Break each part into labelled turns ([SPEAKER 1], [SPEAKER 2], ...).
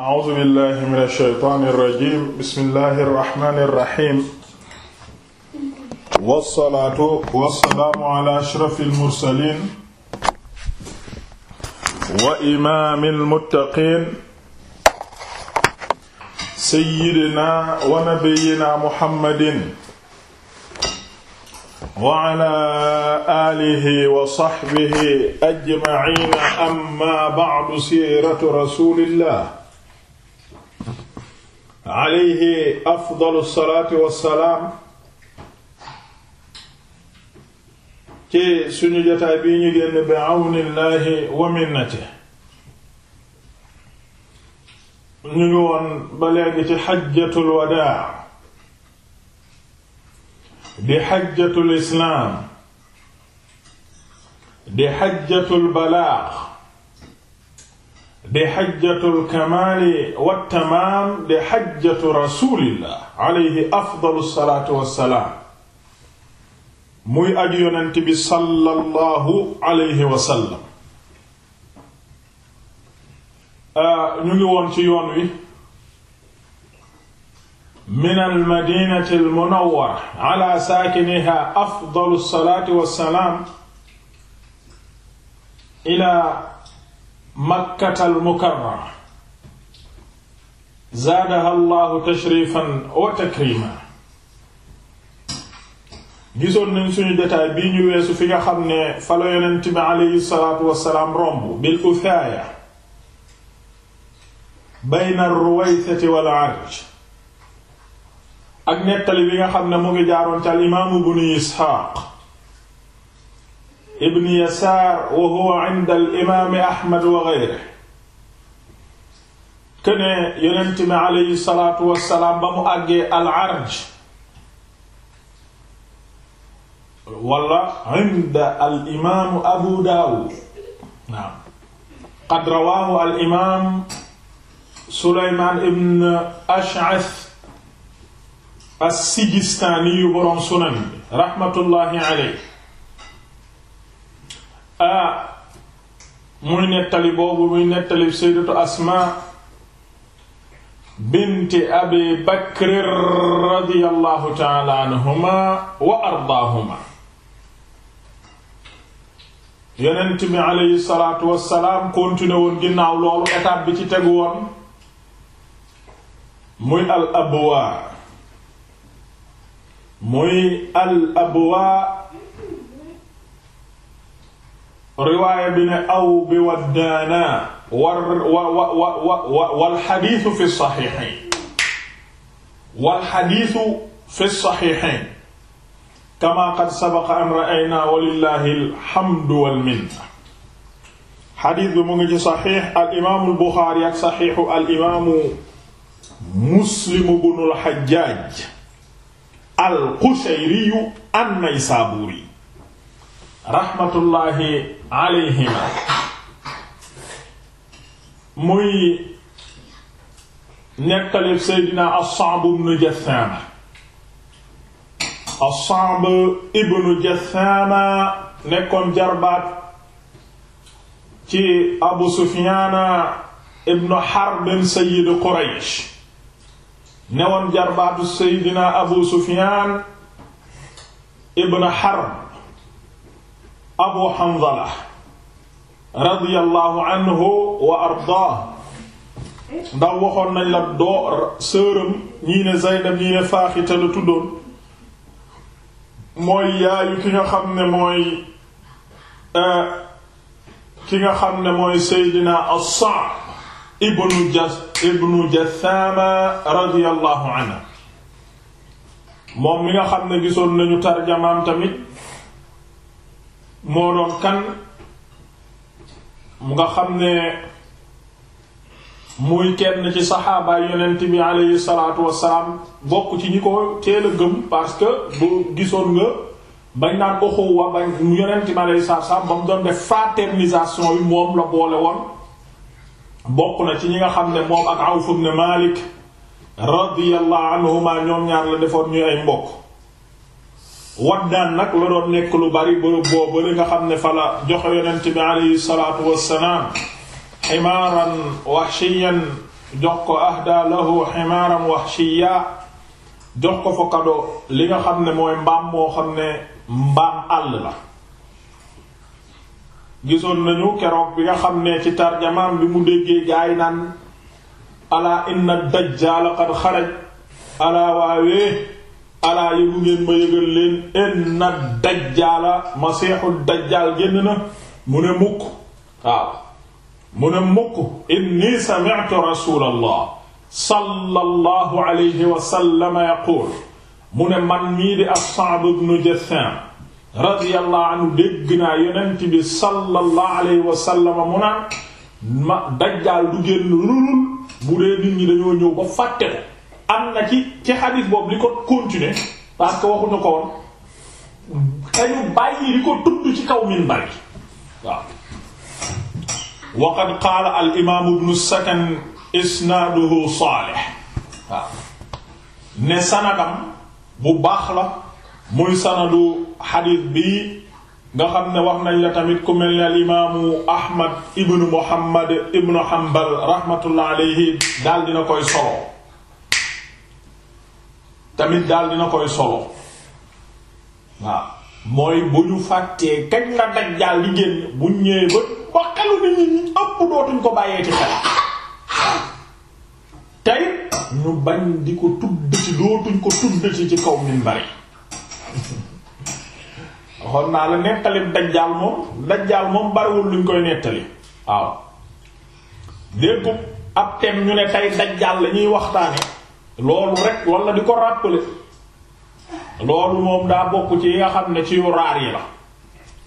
[SPEAKER 1] A'uuzu billahi mina shaytaani rajiim bismillahi rahmaani rahiim. Wassalaatu wassalaamu alaa ashrafil mursaliin wa imaamil muttaqiin sayyidinaa wa nabiyyinaa Muhammadin wa alaa aalihi wa sahbihi ajma'iin, ammaa ba'du siiratu rasuulillah alayhi afdalu salaatu wassalaam ci suñu jotaay bii ñu génn bi àwnillaahi wa minnati ñu ngi woon ba léegi ci xajjatul wadaa di xajjatul islaam di xajjatul balaax di xajjatul kamaali wa tamaam di xajjatu rasulillah alayhi afdalu salaatu wa salaam muy aj yonent bi sallallahu alayhi wa sallam ah, ñu ngi woon ci yoon wi min almadinati almunawwara ala saakiniha afdalu salaatu wa salaam ila makkatal mukarrama zaadaha llahu tashrifan wa takrima gisoon nañ suñu jotaay bii ñu weesu fi nga xam ne fa la yonent bi aleyhi salaatu wassalaam romb bil uthaaya bayna arj ak nettali bi nga xam ne mu ngi jaaroon ci al imaamu bnu isxaaq ibn yasaar wa huwa inda al imaam ahmad wa ghayrihi këne yonent mi aleyhi salaatu wassalaam ba mu àggee al arj wala inda al imaamu abu daawud naam qad rawaahu al imaam suleymaan ibn ash'ath as-sijistaani yu boroom sunan bi raxmatullaahi aleyhi ah muy nettali boobu muy nettali sayyidatu asma binti abi bakr radiyallahu ta'ala anhuma wa ardaahuma yonent bi alayhi salaatu wassalaam continué woon ginnaaw loolu bi ci riwaaya bi ne aw bi waddaana war wa wa wa wa wal xadiisu fi saxiixayn wal xadiisu fi saxiixayn kamaa qad sabaqa an ra'aynaa walillaahi alhamdu wal minna. xadiis bi mu ngi ci saxiix al imaamu Buxaari ak saxiixu al imaamu Muslimu bnul Xajjaaj al Qushayriyu an-Naysaabuuri raxmatullaahi alayhima muy nettali seydina as-Sa'b ibnu Jassaama as-Sa'b ibnu Jassaama nekkoon jarbaat ci Abu Sufyaana ibnu Harb sayyidu Quraysh newoon jarbaatu seydina Abu Sufyaan ibnu Harb abu hanzala radiyallahu anhu wa ardaa ndax waxoon nañ la doo sëram ñii ne zaynab ñii ne faaxita mooy yaayu ki nga xam ne mooy euh, ki nga xam ne mooy seydina as-Sa'b ibnu jas ibnu jasaama moom mi nga xam ne gisoon nañu tarjamaam tamit moo doon kan mu nga xam ne muy kenn ci saxaabaay yonent bi aleyhi salaatu wassalaam bokk ci ñi ko teel a gëm parce que bu gisoon nga bañ naan uxuwa bañ yonent bi aleyhi salaatu wassalaam ba mu doon def fraternisation bi moom la boole woon bokk na ci ñi nga xam ne moom ak Awf ibn Malik radiyallahu anhuma ñoom ñaar la defoon ñu ay mbokk waddaan nag la doon nekk lu bari bërëb boobu li nga xam ne fa la joxe yonent bi alayhi salaatu wassalaam ximaaran waxshiyan jox ko ahda lahu ximaaran waxshiya jox ko fa li nga xam ne mooy mbaam moo xam ne mbaam àll gisoon nañu keroog bi nga xam ne ci tarjamaam bi mu déggee gaay naan ala inna dajjaal qad xaraj ala waawee alaa yëgu ngeen ma yëgal leen inna dajjaala masiixu dajjaal génn na mu ne mukk waaw mu ne mukk inni sami'tu rasuulallah sallallahu alayhi wa sallam yaquul mu ne man mii di as-Sa'b ibn Jassam radiyallahu anhu dégg naa yonent bi sallallahu alayhi wa sallam mu naan ma dajjaal du génn lulul bu dee nit ñi dañoo ñëw ba fàtte ko am na ci ci xadiis boobu li ko continuer parce que waxuñu ko woon dañu bàyyi li ko tudd ci kaw minbar yi waaw wa qad sakan isnaaduhu saalih ne sanadam bu baax la muy sanadu xadiis bi nga xam ne wax nañ la tamit ku mel ne al ahmad ibnu muhammad ibnu hanbal rahmatullah alayhi daal dina koy solo tamit daal dina koy solo waaw mooy bu ñu fàttee kañ la dajjaal di génn bu ñëwee ba ba xelu nit ñi ëpp dootuñ ko bàyyee ci xel tey ñu bañ di ko tudd ci dootuñ ko tudd ci ci kaw minbar yi waxoon naa la nettali dajjaal moom dajjaal moom bariwul luñ koy nettali waaw lépp ab thème ñu ne tey dajjaal la ñuy waxtaane loolu rek wala di ko rappeler loolu moom daa bokk ci yi nga xam ne ci yu raar yi la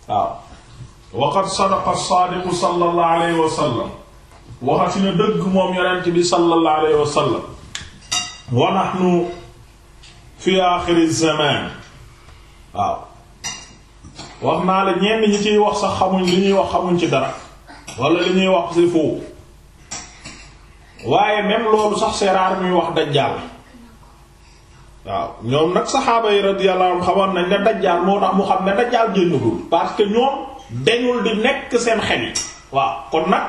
[SPEAKER 1] waaw waqad sadaqa as-sadiqu sallallahu alayhi wa sallam dëgg moom yonent bi sallallahu alayhi wa sallam wa nahnu fi aaxiri zamaan waaw naa la ñenn ñi ciy wax sax xamuñ li ñuy wax xamuñ ci dara wala li ñuy wax si waaye même loolu sax c'est rare muy wax dajjaal waaw ñoom nag saxaaba yi radiyallahu anhum xamoon nañ ne dajjaal moo tax mu xam ne dajjaal génnagul parce que ñoom dañul di nekk seen xel yi waaw kon nag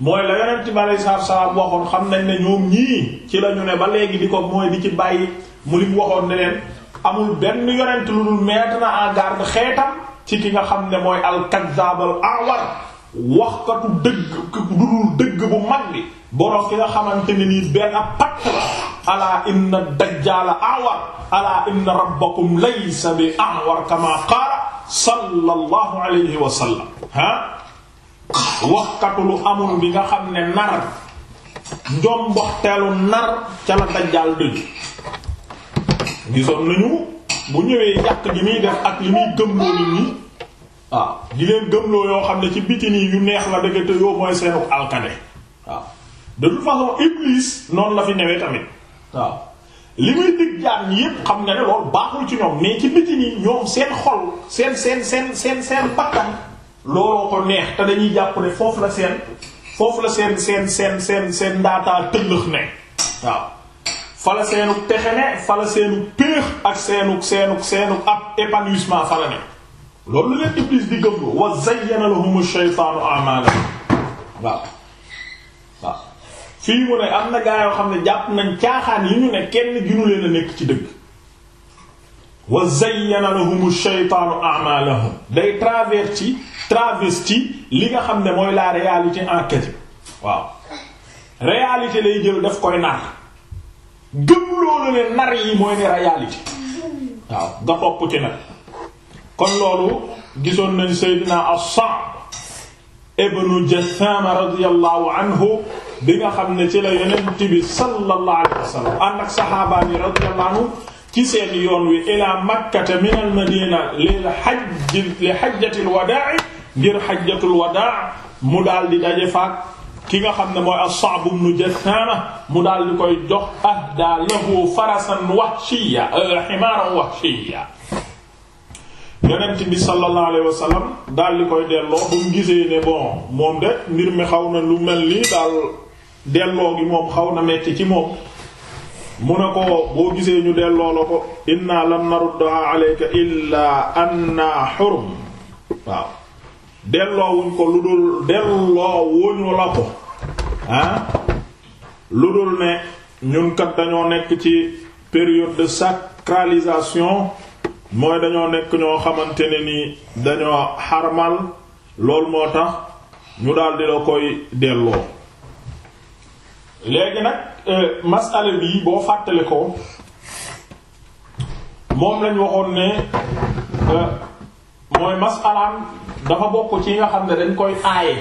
[SPEAKER 1] mooy la yonent bi aleyhi salaam waxoon xam nañ ne ñoom ñii ci la ñu ne ba léegi di ko mooy di ci bàyyi mu lim waxoon ne leen amul benn yonent lu dul mettre na en garde xeetal ci ki nga xam ne mooy al-kaddaab al waxkatu dëgg du dul dëgg bu mag bi borom ki nga xamante ni nii benn pàcc la alaa inna dajjaala awar alaa inna rabbakum laysa bi awar kama qaala sallallahu alayhi wa sallam waxkatu lu amul bi nga xam ne nar njom boxteelu nar ca la dajjaal dëgg gisoon nañu bu ñëwee yàq gi muy def ak li muy gëm nit waaw di leen gëmloo yoo xam ne ci biti nii yu neex la dëgg te yoo mooy seenu alkane waaw de toute façon Iblis noonu la fi newee tamit waaw li muy dig jaan yépp xam nga ne loolu baaxul ci ñoom mais ci biti nii ñoom seen xol seen seen seen seen seen bakkan looloo ko neex te dañuy jàpp foofu la seen foofu la seen seen seen seen seen ndaataa tëllëx ne waaw fala seenu texe ne fala seenu péex ak seenu seenu seenu ab épanouissement fala ne loolu leen iblis di gëm wa zayyana lahum ash-shaytaanu a'maalahum waaw waaw fii mu ne am na gaa yoo xam ne jàpp nañ caaxaan yi ñu ne kenn ginu leen a nekk ci dëgg wa zayyana lahum ash-shaytaanu a'maalahum day ci traverti ci li nga xam ne mooy la réalité en question waaw réalité lay jël daf koy nar gëm loolu ne nar yi mooy ne réalité waaw nga topp ci nag kon loolu gisoon nañ Seydina as-Sa'b ibnu Jassama radiyallahu anhu bi nga xam ne ci la yonent bi sallallahu alayhi wa sallam ànd ak saxaabaa yi radiyallahu anhu ci seen yoon wi ila makkata min al madina lil hajj li hajjatil wadaa ngir hajjatul wadaa mu daal di daje faak ki nga xam ne mooy as-Sa'b ibnu Jassama mu daal di koy jox ahda lahu farasan wahshiyya eh, himaaran wahshiyya yonent bi sallallahu alayhi wa sallam daal di koy delloo bu gisee ne bon moom de mbir mi xaw na lu mel nii daal delloo gi moom xaw na metti ci moom mu ne ko boo gisee ñu delloo la ko inna lam naruddaha alayka illa anna xurum waaw delloowuñ ko lu dul delloo wuñu la ko ah lu dul ne ñun kat dañoo nekk ci période de sacralisation mooy dañoo nekk ñoo xamante ne ni dañoo xarmal loolu moo tax ñu daldi la koy delloo léegi nag euh, masale bi boo fàttale ko moom lañ waxoon ne euh, mooy masalaan dafa bokk ci nga xam ne dañ koy aaye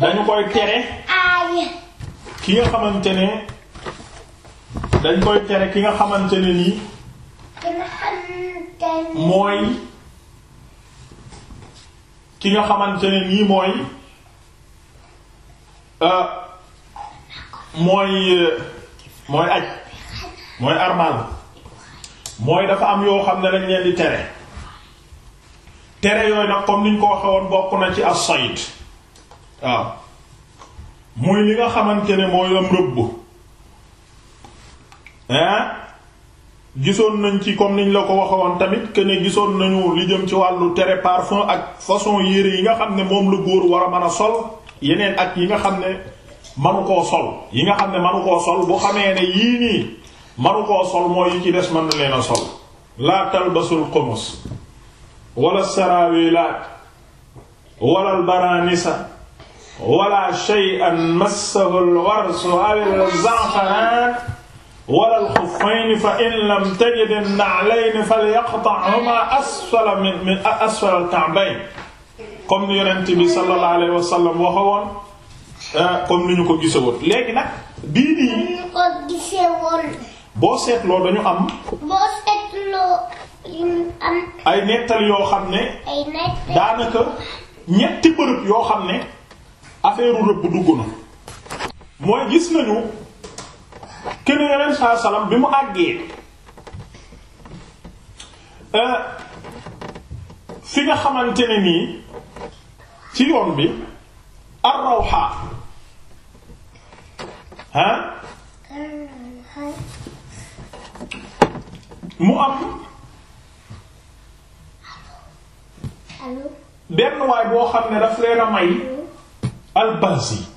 [SPEAKER 1] dañu koy tere ki nga xamante ne dañ koy tere ki nga xamante ne nii mooy ki nga xamante ne nii mooy euh, mooy euh, mooy aj mooy armal mooy dafa am yoo xam ne dañ leen tere tere yooyu nag comme niñ ko waxe bokk na ci as-sayd waaw muy li nga xamante ne mooy am rëbb hein gisoon nañ ci comme niñ la ko waxoon tamit que ne gisoon nañu li jëm ci wàllu tere parfum ak façon yére yi nga xam ne moom lu góor war a mën a sol yeneen ak yi nga xam ne manu koo sol yi nga xam ne manu koo sol bu xamee ne yii nii manu koo sol mooy yi ci des mën na leen a sol laa talbasul xumus wala sarawilaat wala albaraanisa wala shay'an massahu alwarsu aw alza'faraan wala al-xuffayni fa in lam tajid an-na'layni falyaqta'humaa asfala min asfala al-ka'bayn comme ni yonent bi sallallahu alayhi wa sallam waxoon euh, ni ñu ko gisewoon léegi nag bii nii. ko gisewoon. boo seetloo dañu am. boo ay nettal yoo xam ne. daanaka ñetti bërëb yoo xam ne affaire rëbb dugg na. mooy gis keneen yeneen saa salaam bi mu àggee euh, fi nga xamante ne nii ci yoon bi ar-Rawha ah mu am benn waay boo xam ne daf leen a may al-Bazzi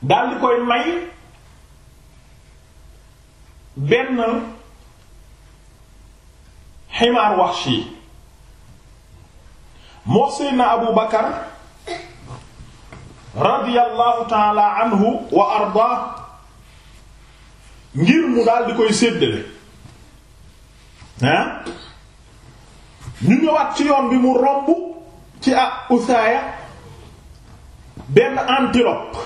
[SPEAKER 1] di koy may. benn ximaar Wahshi moo Seydina Abu Bakar radiyallahu taala anhu wa arda ngir mu daal di koy séddale ah ñu ñëwaat ci yoon bi mu romb ci ah usaaya benn antilope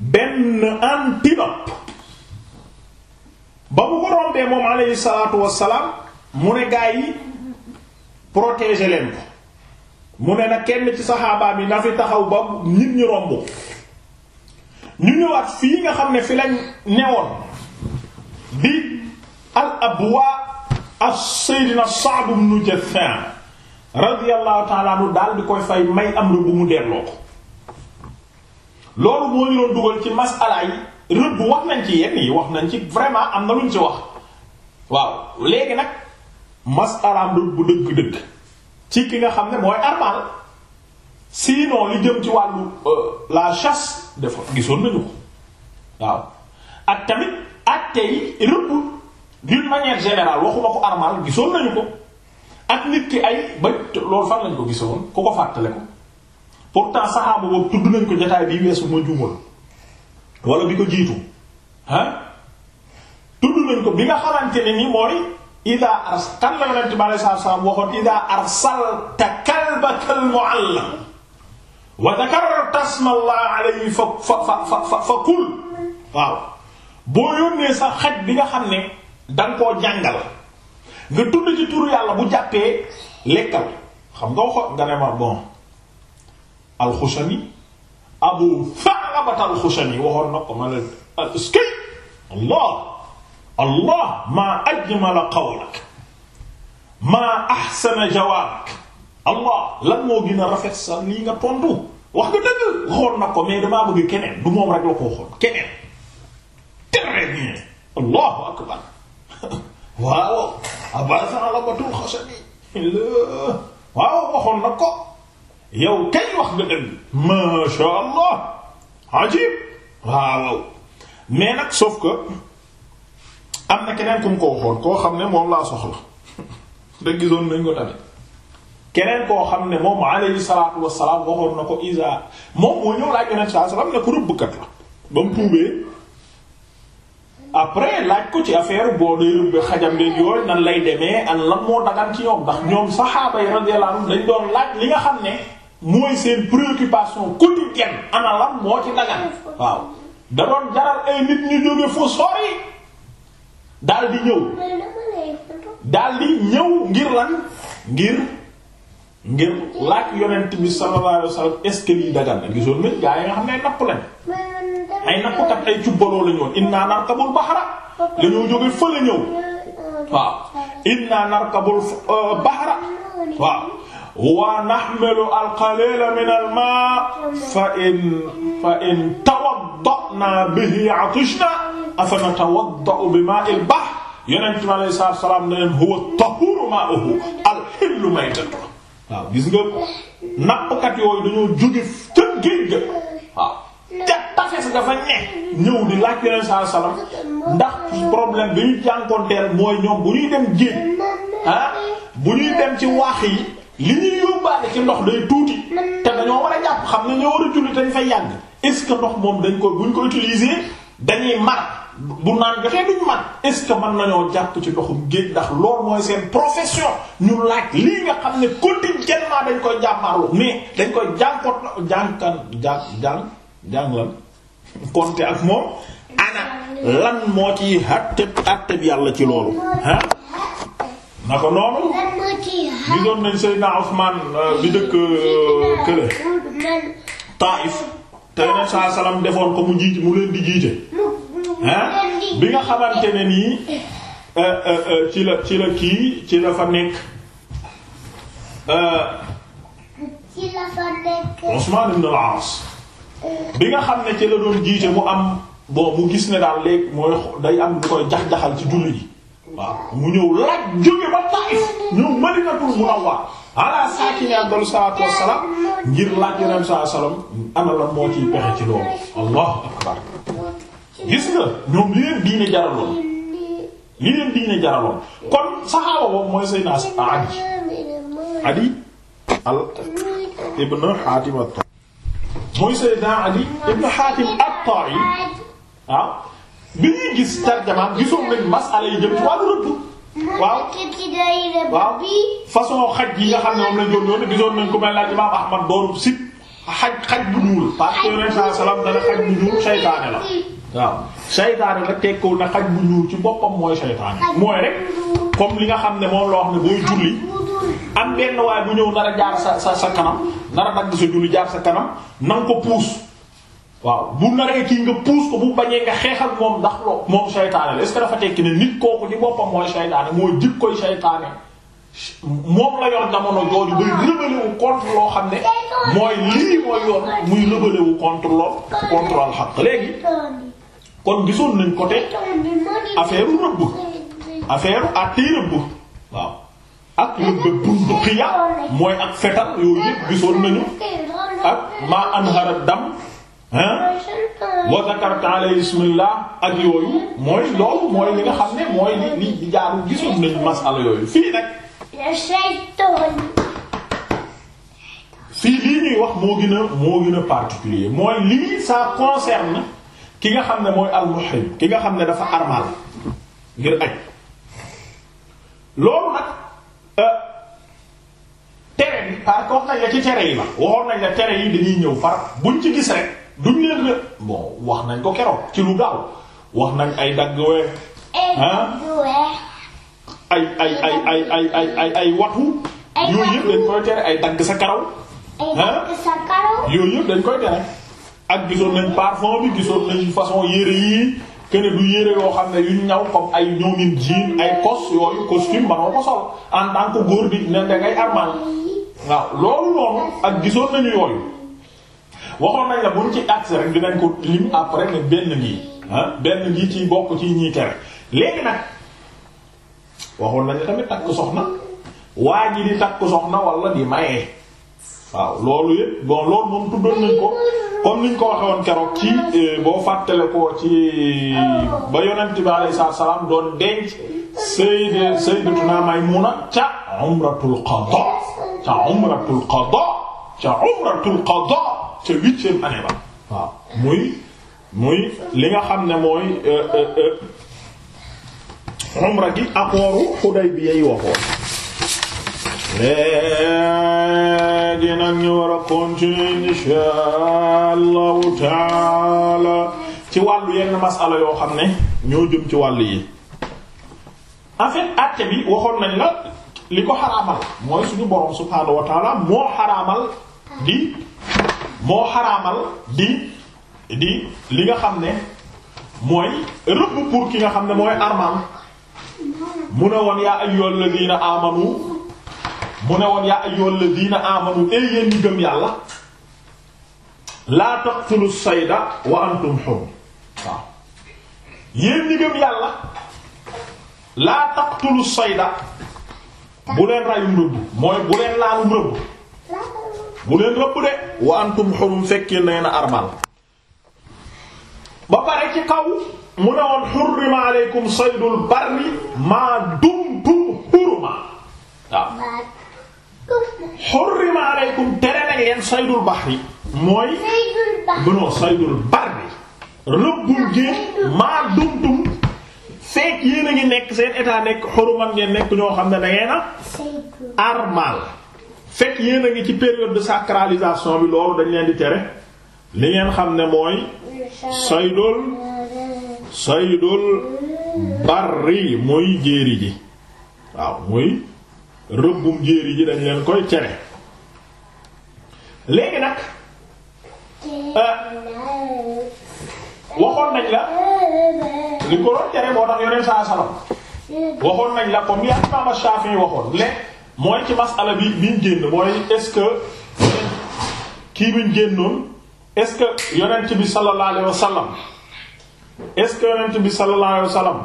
[SPEAKER 1] benn antilope ba mu ko rombee moom alayhi salaatu wassalaam mu ne gaa yi protéger leen ko mu ne nag kenn ci saxaabaam bi na fi taxaw ba nit ñi romb ñu ñëwaat fii nga xam ne fi lañ newoon bi al abwaa as seydina Sa'd ibn Jaffan radiyallahu ta'ala anhu daal di koy fay may am lu bu mu delloo ko loolu moo ñu dugal ci masala yi rëbb wax nañ ci yenn yi wax nañ ci vraiment am na luñ ci wax waaw léegi nag masalaam rëbb dëgg-dëgg ci ki nga xam ne mooy armal sinon li jëm ci wàllu euh, la chasse dafa gisoon nañu ko waaw ak tamit acte yi rëbb d'une manière générale waxuma ko armal gisoon nañu ko ak nit ki ay ba loolu fan lañ ko gisoon ku ko fàttale ko pourtant saxaaba boobu tudd nañ ko jotaay bi weesu ma juumal wala bi ko jiitu ah tudd nañ ko bi nga xamante ne ni mooy ida ars kan la yonent bi alei satu salaam waxoon ida arsalta fa fa fa fa kul waaw boo yónnee sa xaj bi nga xam ne danga koo jàngal nga tudd ci turu yàlla bu jàppee lekkal xam nga waxoon nga ne ma bon alxusani abu Tha'labata al-Khushani waxoon na ko ma leen aski allah allah maa ajmala qawlak maa ahsana jawaabak allah lan moo gën a rafet sa lii nga tontu wax nga dëgg waxoon na ko mais damaa bëgg keneen du moom rek la ko waxoon keneen très bien allahu akbar waaw abu Tha'labata al-Khushani waaw waxoon na ko yow kay wax nga dëgg masha allah ajib waaw mais nag sauf que am na keneen ku mu ko waxoon koo xam ne moom laa soxla da gisoon nañ ko tamit keneen koo xam ne moom moo ñëw laaj yonent saa salaam ne ko rëbbkat la ba mu tuubee après laaj ko ci affaire boo dee rëbb xajam leen yooyu nan lay demee an lan moo dagan ci ñoom ndax ñoom saxaaba yi radiyallahu anhum dañ doon laaj li nga xam ne mooy seen préoccupation quotidienne ana lan moo ci dagan waaw da doon jaral ay nit ñu jóge fu sori daal di ñëw daal di ñëw ngir lan ngir ngir laaj yonent bi sallallahu alayhi wasallam est-ce que lii dagan na gisoon nañ gaa yi nga xam ne ay napp lañ ay nappkat ay cubbaloo la ñoon inna narkabul bahra la ñoo jóge fële ñëw waaw inna narkabul euh, bahra waaw wa nahmilu al-qalila min al-ma fa in fa in tawadda'na bihi atishna afanatawadda'u bima'i al-bahr yonent mi alayhi salaatu wa salaam ne leen huwa at-tahuru ma'uhu al-hillu maytatuhu waaw gis nga nappkat yooyu dañoo jóge ca géej ga waaw te tafes dafa ne ñëw di laaj yonent saa salaam ndax problème bi ñu jànkonteel mooy ñoom bu ñuy dem géej ah bu ñuy dem ci waax yi. li ñuy yóbbaale ci ndox dañ tuuti te dañoo war a jàpp xam ne ñoo war a julli dañ fay yàgg est-ce que ndox moom dañ ko buñ ko utiliser dañuy mar bu naan joxee duñ man est-ce que mën nañoo jàpp ci ndoxum géej ndax loolu mooy seen profession ñu laaj lii nga xam ne quotidiennement dañ koy jàmmaarlu mais dañ koy jànkoot jànkan jàng jàng jàng lan konte ak moom ana lan moo ci àtte àtte bi yàlla ci loolu na ko noonu gisoon nañ Seydina Usmaan euh, bi dëkk euh, kële Taif te Yonent saa salaam defoon ko mu jiite mu leen di jiite hein bi nga xamante ne nii eh. euh, ci la ci la kii ci la fa nekk Usmaan ibn al-Aas bi nga xam ne ci la doon jiite mu am boobu gis ne daal léegi mooy day am lu koy jax-jaxal ci julli ji mu ñëw laaj jóge ba Taif ñëw Madinatul Munawwara ala saakini afdalu salaatu wassalaam ngir laaj Yonent saa salaam ana lan moo ciy ci loolu allahu akbar gis nga ñoom leen diine jaraloon leen diine jaraloon kon saxaaba mooy Seydina Adi Adi al ibn Hatim at-Ta'i mooy Seydina Adi ibn Hatim at-Ta'i ah. bi ñuy gis tarjamaam gisoon nañ masala yi jëm ci wàllu rëbb waaw waaw façon xaj yi nga xam ne moom lañ doon yoon gisoon nañ ko mel la imaam Ahmad doonu sib xaj xaj bu ñuul parce que yoneen saa salaam dana xaj bu ñuul saytaane la waaw saytaane la tekkoo na xaj bu ñuul ci boppam mooy saytaane mooy rek comme li nga xam ne moom la wax ne booy julli am benn waaye bu ñëw nar a jaar sa sa sa kanam nar a sa julli jaar sa kanam na ko puus waaw bu naree kii nga puus ko bu bañee nga xeexal moom ndax loo moom saytaane est-ce que dafa tekki ne nit kooku ci boppam mooy saytaane mooy jikkoy saytaane moom la yor jamono jooju bay xam ne muy rebelle wu contre lool contre al léegi kon gisoon nañ côté affaire rëbb affaire àttee rëbb waaw ak rëbb bundu xiya mooy ak fetal yooyu gisoon nañu ak ma anhara dam wa zakarta alayhi ismillah ak yooyu mooy loolu mooy li nga xam ne mooy li li jaaru gisoon nañ masala yooyu fii nag fii lii ñuy wax moo gën a moo gën a particulier mooy lii ça concerne ki nga xam ne mooy almuhrim ki nga xam ne dafa armal ngir aj loolu nag euh, tere bi par contre nag la ci tere yi la waxoon nañ la tere yi dañuy ñëw far buñ ci gis rek duñ leen la bon wax nañ ko keroog ci lu gaaw wax nañ ay dagg we ah ay ay ay ay ay ay ay ay watu yooyu yëpp dañ koy tere ay dagg sa karaw ah yooyu yëpp dañ koy tere ak gisoon nañ parfum bi gisoon nañ façon yére yi kene du yére yoo xam ne yuñ ñaw comme ay ñoomin jean ay cos yooyu costume manoo ko sol en tant que góor bi ne da ngay armal waaw loolu noonu ak gisoon nañu yooyu waxoon nañ la buñ ci agsi rek dinañ ko lim après ne benn ngi ah benn ngi ci bokk ci ñii tere léegi nag waxoon nañ la tamit takk soxna waa ji di takk soxna wala di maye waaw loolu yëpp bon loolu moom tuddoon nañ ko comme niñ ko waxe keroog ci eh, boo fàttale ko ci ba yonent bi alayhi salaam doon denc sayyid sayyidatuna Maymuna ca umratul qada ca umratul qada ca umratul qada ca huitième muy muy li nga xam ne mooy euh, euh, euh, umra gi accordu Hudaybiya yi waxoon léegi nag ñu war a continuer insha allahu taala ci wàllu yenn masala yoo xam ne ñoo jëm ci wàll yi en fait bi waxoon nañ la li ko xaraamal mooy suñu borom subhaanahu wa moo xaraamal di moo xaraamal di di li nga xam ne mooy rëbb pour ki nga xam ne mooy armal mu ne woon yaa ayyuhal ladina amanu mu woon yaa ayyuhal ladina amanu ay yéen ñi gëm yàlla laa taqtulu sayda wa antum xurum waaw yéen ñi yàlla laa taqtulu sayda bu leen rayum rëbb mooy bu leen laalum rëbb bu leen rëbb de wa antum xurum fekkee nee na armal ba pare ci kaw mu ne woon xurrima aleykum saydul barri maa dumtum xuruma waaw xurrima aleykum tere nañ leen saydul bahri mooy bunoo saydul barri rëbbul géen maa dumtum fekk yéen a ngi nekk seen état nekk xuruman ngeen nekk ñoo xam ne da ngeen a armal fekk yéen a ngi ci période de sacralisation bi loolu dañ leen di tere li ngeen xam ne mooy saydul saydul barri muy jéeri ji waaw muy rëbbum jéeri ji dañ leen koy tere léegi nag euh, waxoon nañ la li ko doon tere moo tax yoneen saa salam waxoon nañ la comme li ak Imam Shafi'i waxoon léegi mooy ci masala bi biñ génn mooy est-ce que kii biñ génnoon est-ce que yonent bi sallallahu alayhi wa est-ce que yonent bi sallallahu alayhi wa sallam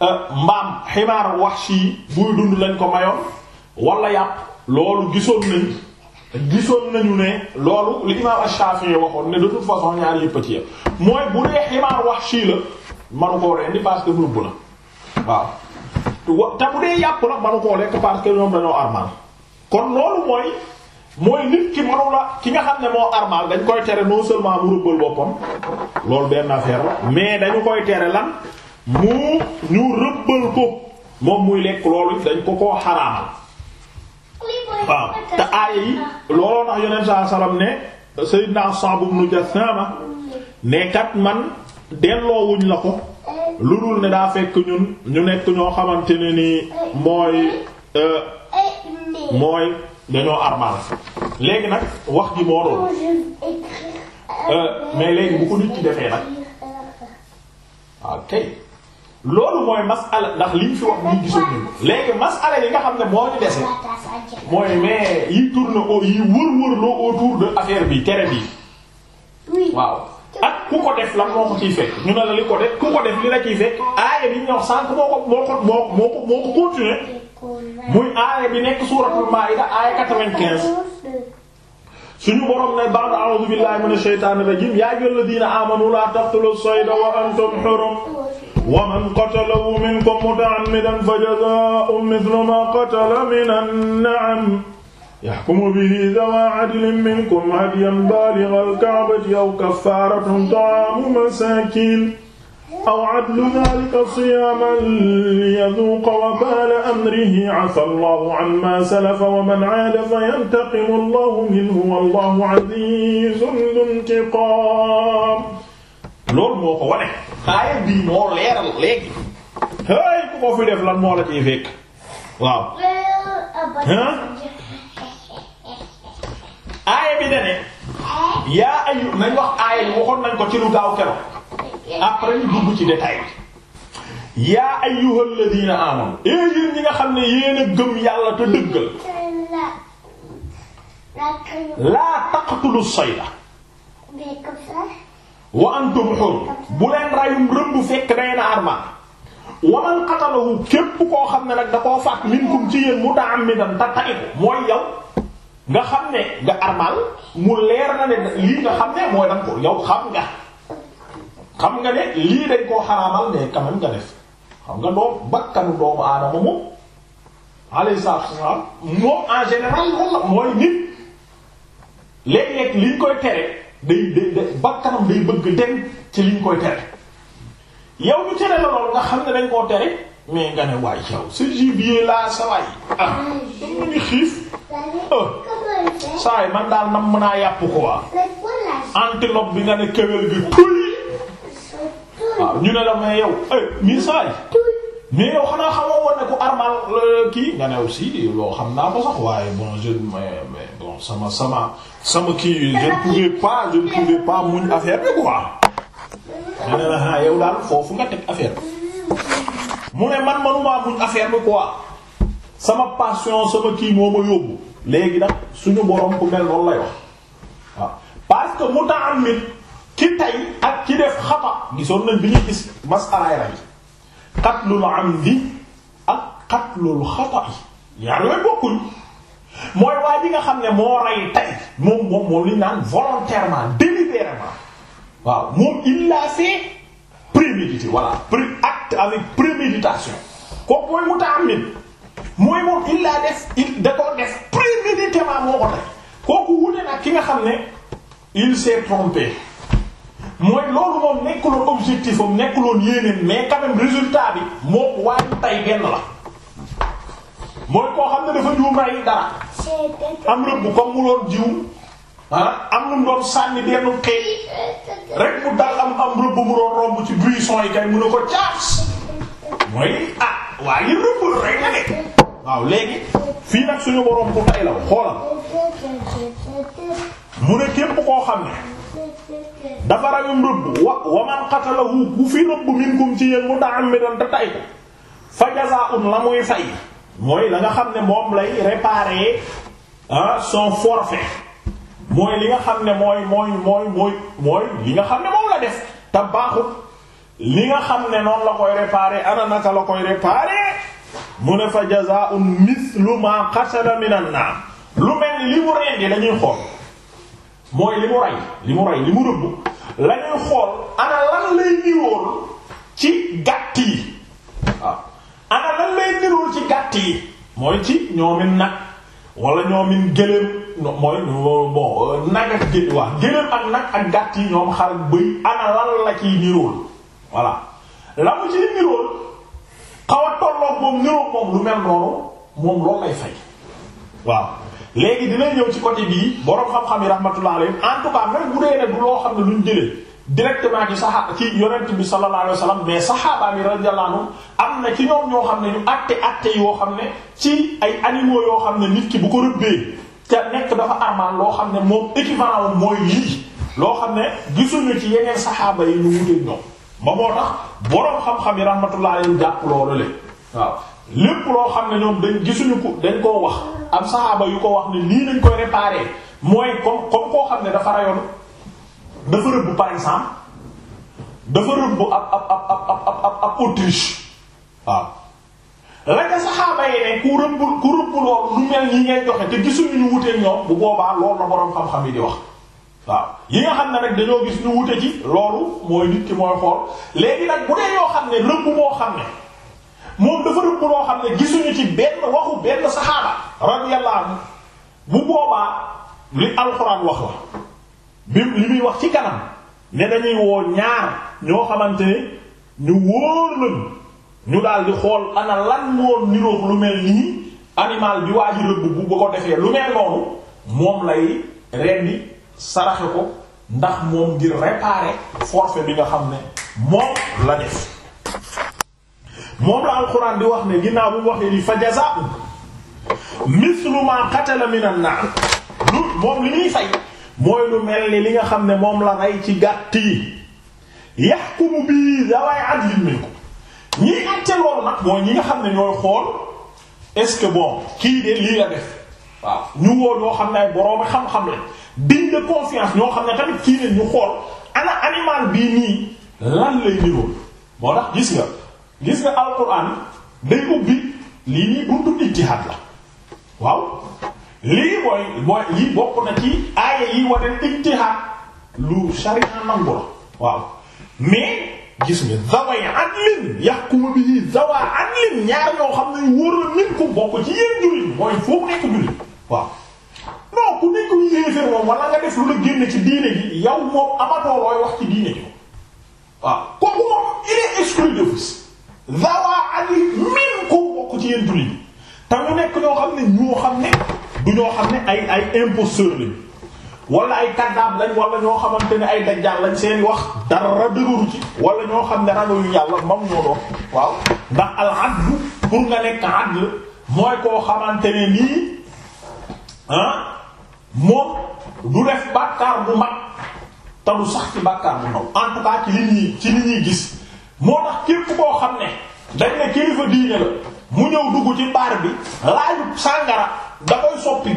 [SPEAKER 1] euh, mbaam ximaar wahshi buy dund lañ ko mayoon walla yàpp loolu gisoon nañ gisoon nañu ne loolu li imaam Shafi'i waxoon ne de toute façon ñaar yëpp mooy bu dee ximaar wahshi la manu koo rendi parce que bu la waaw wa te bu dee yàpp la manu koo lekk parce que ñoom dañoo armal kon loolu mooy mooy nit ki manu la ki nga xam ne moo armal dañ koy tere non seulement mu rëbbal boppam loolu benn affaire mais dañu koy tere lan mu ñu rëbbal ko moom muy lekk loolu dañ ko koo xaraamal waaw te aaya yi looloo tax yonent saa salaam ne Sayyidna Sa'b ibn Jassama ne kat man delloowuñ la ko lu dul ne daa fekk ñun ñu nekk ñoo xamante ne ni mooy euh, mooy dañoo armal léegi nag wax ji moo doon euh, mais léegi bu ko nit ci defee nag waaw ah, loolu mooy masala ndax liñ fi wax ñu gisoon ñu léegi masala yi nga xam ne moo ñu dese mooy mais yi tourne au yi wër-wër loo autour de affaire bi tere bi waaw ak ku ko def lan moo ko ciy fekk ñu ne la li ko def ku ko def li la ciy fekk aaya bi ñu wax sànq moo ko moo ko moo ko moo ko moo ko continuer muy aaya bi nekk suuratul Maa'ida aaya 95. suñu borom ne ba'da a'uuzu billaahi mina shaytaani rajiim yaa ayyuhallaziina aamanuu laa taqtuluu sayda wa antum hurum wa man qatalahu minkum muta'ammidan fa jazaa'un mithlu maa qatala minan na'am yaxkumu bihi zawaa adlin minkum hadyan baalighal ka'bati aw kaffaaratun ta'aamu masaakiin aw adlu zaalika siyaaman liyazuuqa wabaala amrihi afaa Allahu ammaa salafa wa man aada fayantaqimu Allahu minhu wallaahu aziizun zuntiqaam. loolu moo ko wane. aaya bii moo leeral léegi. hey ku ko fi def lan moo la ciy fekk waaw. aaya bi dane yaa ayu nañ wax aaya bi waxoon nañ ko ci lu gaaw kero après ñu dugg ci détail bi yaa ayyuhal ladina amanu ee yéen ñi nga xam ne yéen a gëm yàlla te dëggal laa taqtulu sayda wa antum hurum bu leen rayum rëmb fekk day na arma waman qatalahu képp koo xam ne nag da koo faat minkum ci yéen muta'ammidan te tay ko mooy yow nga xam ne nga armal mu leer na ne lii nga xam ne mooy danga ko yow xam nga xam nga ne lii dañ koo xaraamal ne quand nga def xam nga doom bakkanu doomu aadama moom alayhi salaatu moom en général walla mooy nit léeg liñ koy tere day day bakkanam day bëgg dem ci liñ koy tere yow ñu tere la loolu nga xam ne dañ koo tere mais nga ne waay yow ce gibier là sa waay ah mu ngi xiif oh. saay man daal nam mën naa yàpp ko waa antilope bi nga ne kéwél bi tuy ñu ne la mais yow eh, mi saay mais yow xanaa xamoo woon ne ku armal euh, kii nga ne aussi loo xam naa ko sax waaye bon sama sama sama kii je ne pouvais pas je ne muñ affaire bi quoi. nga ne la ah yow daal foofu nga teg affaire mu ne man manumaa muñ affaire ko quoi sama passion sama kii moo ma yóbbu léegi nag suñu borom ku mel loolu lay wax waaw parce que muta'ammid ki tay ak ki def xata gisoon nañ bi ñuy gis masalaay rab yi qatlul amdi ak qatlul xata yaa looy bokkuñ mooy waa ji nga xam ne moo rey tay moom moom moom li naan volontairement délibérément waaw moom il l'a prémédité voilà pré acte avec préméditation kooku mooy muta'ammid mooy moom il laa def il da koo def préméditement moo ko def kooku wute nag ki nga xam ne il s'est trompé mooy loolu moom nekkuloon objectif am nekkuloon yéeneen mais quand même résultat bi moo waaye tay benn la mooy koo xam ne dafa juum rey dara am rëbb comme mu loon jiw ah am na mu doon sànni benn xeey rek mu dal am am rëbb mu doon romb ci buisson yi kay mu ne ko caas mooy ah waaye rëbb rek la de waaw léegi fii nag suñu borom bu tay la xoolal mu ne képp koo xam ne dafa rayum rëbb wa wa man qatalahu bu fi rëbb minkum ci yéen muta'ammidan te tay ko fa jazaa'un la muy fay mooy la nga xam ne moom lay réparer ah, son forfait mooy li nga xam ne mooy mooy mooy mooy mooy li nga xam ne moom la def te li nga xam ne noonu la koy réparer ana naka la koy réparer mu ne fa jazaa'un mislu ma qasada minan naam lu mel li mu rendi lañuy xool mooy li mu rey li mu rey li mu rëbb lañuy xool ana lan lay nirool ci gàtt yi ana lan lay nirool ci gàtt yi mooy ci ñoomin nag wala ñoomin gëléem mooy euh, bon euh, nag ak génn wax génneem ak nag ak gàtt yi ñoom xar bëy ana lan la ciy nirool voilà la ciy nirool xaw a tolloog moom niroog moom lu mel noonu moom loolu lay fay waaw léegi dina ñëw ci côté bii borom xam-xam yi rahmatullah alayhi en tout ne du loo xam ne luñ jëlee ci saxaaba ci yonent bi sallallahu alayhi mais saxaaba mi am na ci ñoom ñoo xam ne ñu àtte àtte yoo xam ne ci ay animaux yoo xam ne nit ki bu ko rëbbee te nekk dafa armaan loo xam ne moom équivalent wu mooy lii loo xam ne gisuñu ci yeneen saxaaba yi ñu wuteeg ñoom ba moo tax boroom xam-xam yi rahmatullahi alayhi jàpp loolu le waaw lépp loo xam ne ñoom dañ gisuñu ko dañ koo wax am saxaaba yu ko wax ne nii lañ koy réparer mooy comme comme koo xam ne dafa rayoon dafa rëbb par exemple dafa rëbb ab ab ab ab ab ab ab Autriche waaw. la nga saxaaba yi ne ku rëbb ku rëbb loolu lu mel nii ngay joxe te gisuñu ñu wutee ñoom bu boobaa loolu la boroom xam-xam yi di wax waaw yi nga xam ne nag dañoo gis ñu wute ci loolu mooy nit ki mooy xool léegi nag bu dee yoo xam ne rëbb moo xam ne moom dafa rëbb loo xam ne gisuñu ci benn waxu benn saxaaba radiyallahu anhu bu boobaa li alxuraan wax la bi li muy wax ci kanam ne dañuy woo ñaar ñoo xamante ne ñu wóor lañu ñu daal di xool ana lan moo lu mel nii animal bi waa rëbb bu ba ko defee lu mel noonu moom lay rendi saraxe ko ndax moom ngir réparer forfait bi nga xam ne moom la def moom wax ne ginnaaw bu mu waxee li fa lu moom li mooy lu mel ni li nga xam ne moom la rey ci gàtt yi yahkumu bi daway adlin minkum ñiy àtte loolu nag mooy ñi nga xam ne ñooy xool est-ce que kii de lii la def waaw ñu woo ñoo xam ne ay boroomi xam-xam la digne de confiance ñoo xam ne tamit kii de ñu xool ana animal bii nii lan lay niroo moo tax gis nga gis nga alxuraan day ubbi lii nii buntu ijtihaad la waaw lii mooy na ci aaya yi wane ijtihaad lu sharia nangu la waaw mais. gis nga zaway adlin yahkumu bihi zawa adlin ñaar ñoo xam ne wóor la min ku bokk ci yéen jullit mooy foofu nekk jullit waaw non nekk ñu yéeféer nga def lu la génn ci diine gi yow moom amatoo wax ci diine gi waaw kooku moom il est exclu d'office zawa adlin min te mu nekk ñoo xam ne ñoo xam ne du ñoo xam ne ay ay imposteurs lañu wala ay kaddaab lañ wala ñoo xamante ne ay dajjaal lañ seen wax dara dëgëru ci wala ñoo xam ne yu yàlla mam ñoo doon waaw ndax al adlu pour nga nekk adl mooy xamante ne nii ah moom du def bàkkaar bu mag te du sax ci bàkkaar bu ndaw en tout ci li ñuy ci li ñuy gis moo tax képp koo xam ne dañ ne kilifa diine la mu ñëw dugg ci baar bi laaju sàngara da koy soppi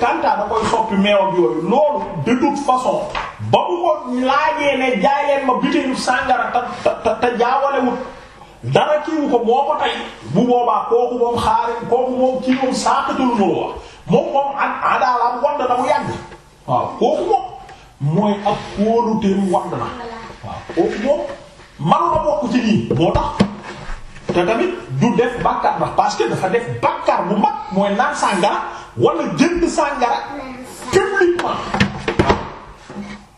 [SPEAKER 1] kanta euh, da koy soppi meew yooyu loolu de façon ba mu ko laajee ne jaayeen ma bitéelu sàngara te te te jaawalewut dara kiiwu ko moo ko tey bu boobaa kooku moom xaari kooku moom kii moom saaqitul mulu wax moom moom a adaalam ci nii moo tax te tamit du def bàkkaar ndax parce que dafa def bàkkaar bu mag mooy naan sàngara wala jënd sàngara publiquement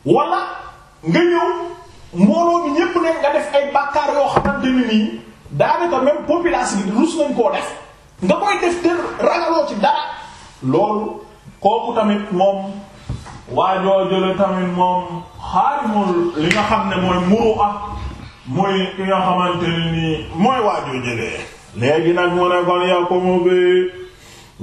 [SPEAKER 1] wala nga ñëw mbooloo bi ñépp ne nga def ay bàkkaar yoo xamante ni nii daanaka même population bi rus nañ koo def nga koy def te ragaloo ci dara loolu kooku tamit moom waajoo jële tamit moom xaarimul li nga xam ne mooy muru muy ki nga xamante ni nii mooy waajoo jëlee léegi nag mu ne kon yow comme bi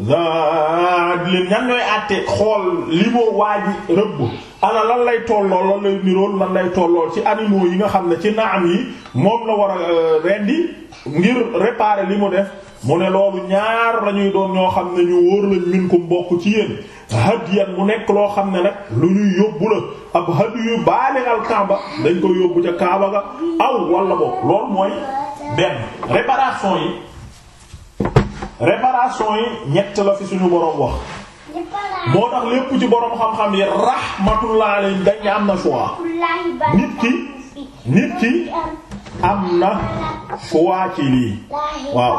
[SPEAKER 1] zaadlin ñan ñooy àtte xool li moo waaji rëbb ana lan lay tollool lan lay nirool lan lay tollool ci animaux yi nga xam ne ci naam yi moom la war a euh, rendi ngir réparer li mu def mu ne loolu ñaar lañuy doon ñoo xam ne ñu wóor lañ min ko mbokk ci yéen hadiyan mu nekk loo xam ne nag lu ñuy yóbbu la ab hadiyu baaligal kaaba dañ koy yóbbu ca kaaba ga aw wala boog loolu mooy benn réparation yi ñett la fi suñu boroom wax moo tax lépp ci boroom xam-xam yi rahmatullah alayhi dañ am na choix nit ki nit ki am na suwaaki lii waaw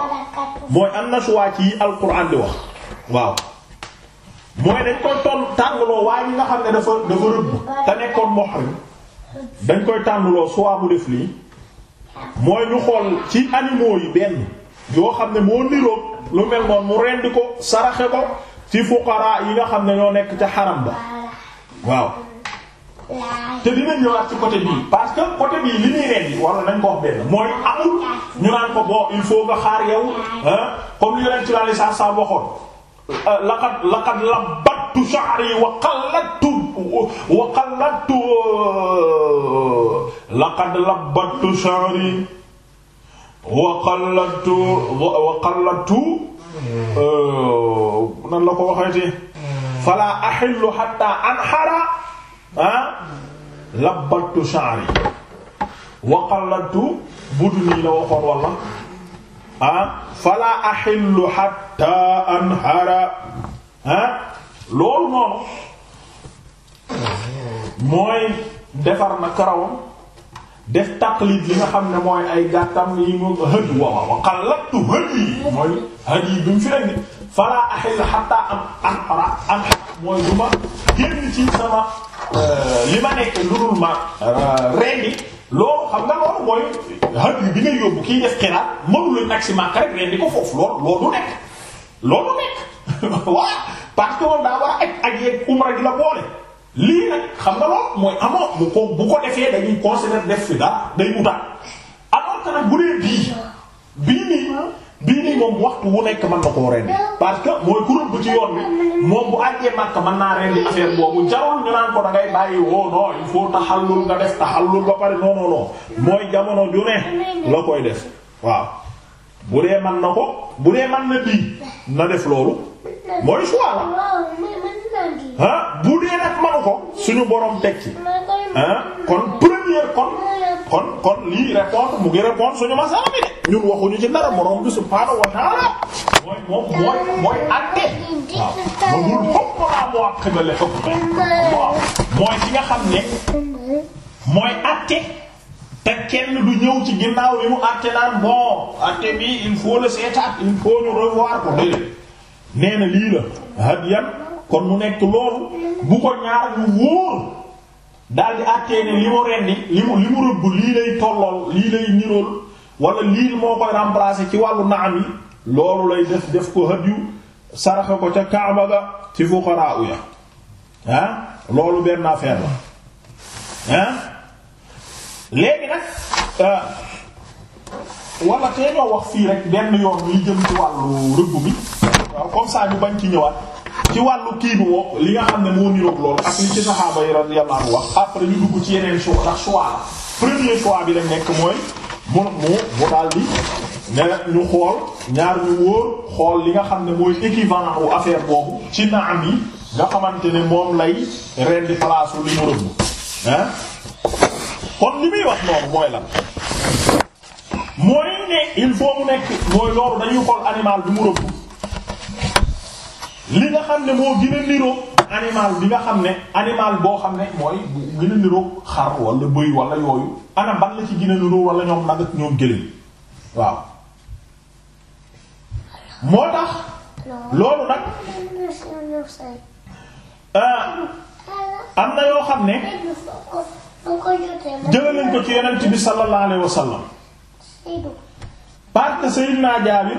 [SPEAKER 1] mooy am na suwaaki yi alquran di wax waaw mooy dañ koy ton tàngaloo waa yi nga xam ne dafa dafa rëbb te nekkoon muhrim dañ koy tàngaloo suwaa mu def lii mooy ñu xool ci animaux yi benn yoo xam ne moo niroog lu mel noonu mu rendi ko saraxe ko ci fuqaraa yi nga xam ne ñoo nekk ca xaram ba waaw te dina ñëwaat ci côté bii parce que côté bii li ñuy reen yi wala nañ ko wax benn mooy amul ñu naan ko bon il faut nga xaar yow comme li yonent ci lali sa sa waxoon euh, laqad laqad labbattu sha'ri wa qallattu wa qallattu euh, laqad labbattu sha'ri wa qallattu wa qallattu euh, nan la ko waxeeti fala ahillu hatta anhara ah labbaltu sha'ri wa qallaltu budni la waxoon walla ah fala ahillu hatta anhara ah loolu noonu mooy defar na karawam def taqlid li nga xam ne mooy ay gàttam yi mu hëj wawa wa qallattu hëj yi mooy hëj yi bi mu fi rekk fala ahillu hatta anhara anhara mooy duma génn ci sama Euh, li ma nekk lu dul ma euh, rendi loolu xam nga loolu mooy haj yu bi ngay yóbbu kii def xiraat mënu lañ nag si màkk rek rendi ko foofu loolu loolu du nekk loolu du nekk voilà parce que daa war a ak ak yeeg boole lii nag xam nga loolu mooy amoon bu ko bu ko defee dañuy considérer def fi daal day utaat alors que nag bu dee bii bii nii bii nii moom waxtu wu nekk mën na koo rendi parce que mooy kuréel bu ci yoon bi moom bu àggee Makka mën naa rendi affaire boobu jarul ñu naan ko da ngay bàyyi woo non il faut taxallul nga def taxallul ba pare non non mooy jamono ju ne la koy def waaw. bu dee man na ko bu dee man na bii na def loolu mooy choix la ah bu dee nag manu ko suñu borom teg ci kon première kon kon kon lii répondre mu ngi répondre suñu masala bi de ñun waxuñu ci dara borom bi subhaanahu wa mooy moom mooy mooy àtte waaw moom mu xokk laa moo ak xibale mooy ci nga xam ne mooy àtte te kenn du ñëw ci ginnaaw li mu àtte naan bon àtte bi il faut le seetaat il faut ñu revoir ko déedéet lii la hadiyan kon mu nekk loolu bu ko ñaar mu wóor daal di àttee li mu rendi li mu rëbb lii lay tollool lii lay nirool wala lii ci wàllu naam yi loolu lay def def ko hadiyu saraxa ko ca Kaaba ga ci fuqaraa ya ah loolu benn affaire la ah léegi nag euh, wala tee ñoo wax fii rek benn yoon li jëm ci wàllu rëbb bi comme ça ñu bañ ci ñëwaat ci wàllu kii bi woo li nga xam ne moo niroog loolu ak li ci saxaaba yi radiyallahu anhu après ñu dugg ci yeneen choix ndax choix premier choix bi lañ nekk mooy mu mu mu daal di ñu xool ñaar ñu wóor xool li nga xam ne mooy équivalent wu affaire boobu ci naam yi nga xamante ne moom lay rendi place li ñu rëbb ah kon li muy wax noonu mooy la mooy ne il faut mu nekk mooy loolu dañuy xool animal bi mu rëbb li nga xam ne moo gën a animal bi nga xam ne animal boo xam ne mooy bu gën a xar wala bëy wala yooyu ana ban la ci gën a niroog wala ñoom nag ak ñoom gëléem waaw moo tax loolu nag euh, am na yoo xam ne jëla nañ ko ci yonent bi sallallahu alayhi wa sallam parce que Seydina Jaabir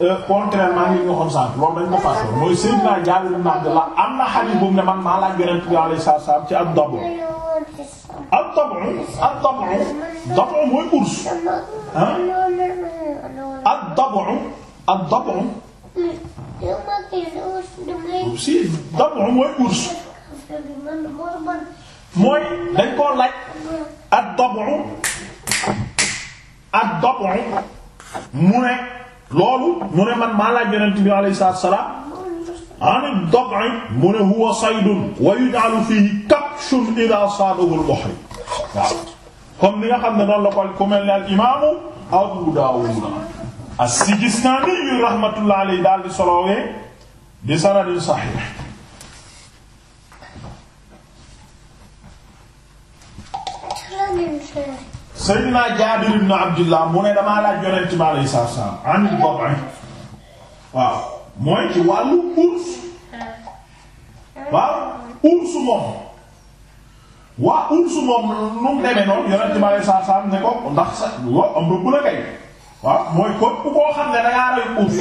[SPEAKER 1] euh, contrairement li ñu waxoon sànq loolu dañ ko fàtte mooy Seydina Jaabir ibn Abdullah am na xadiis boobu ne man maa laaj yonent bi alayhi salaam ci ad-dab' ad-dab' ad-dab' dab' mooy ours ah ad-dab' ad-dab' si dab' mooy ours mooy dañ koo laaj ad-dab'u ad-dab'u mu ne loolu mu ne man maa laaj yonent bi alayhi salaatu wa salaam an ad-dab'i mu ne huwa saydun wa yuj'alu fihi kabshun idha saadahu al-muhrim waaw comme li nga xam ne noonu la ko ku mel ne al imaamu Abu Dawud as-Sijistani rahmatullahi alayhi daal di solowee bi sanadin sahih Seydina Jaabir ibn Abdullah mu ne damaa laaj yonent bi alayhi salaatu wa salaam anil dab'i waaw mooy ci wàllu urs waaw urs moom waa urs moom nu mu noonu yonent bi alayhi salaatu wa ne ko ndax sa am rëbb la kay waaw mooy képp koo xam ne dangaa rey urs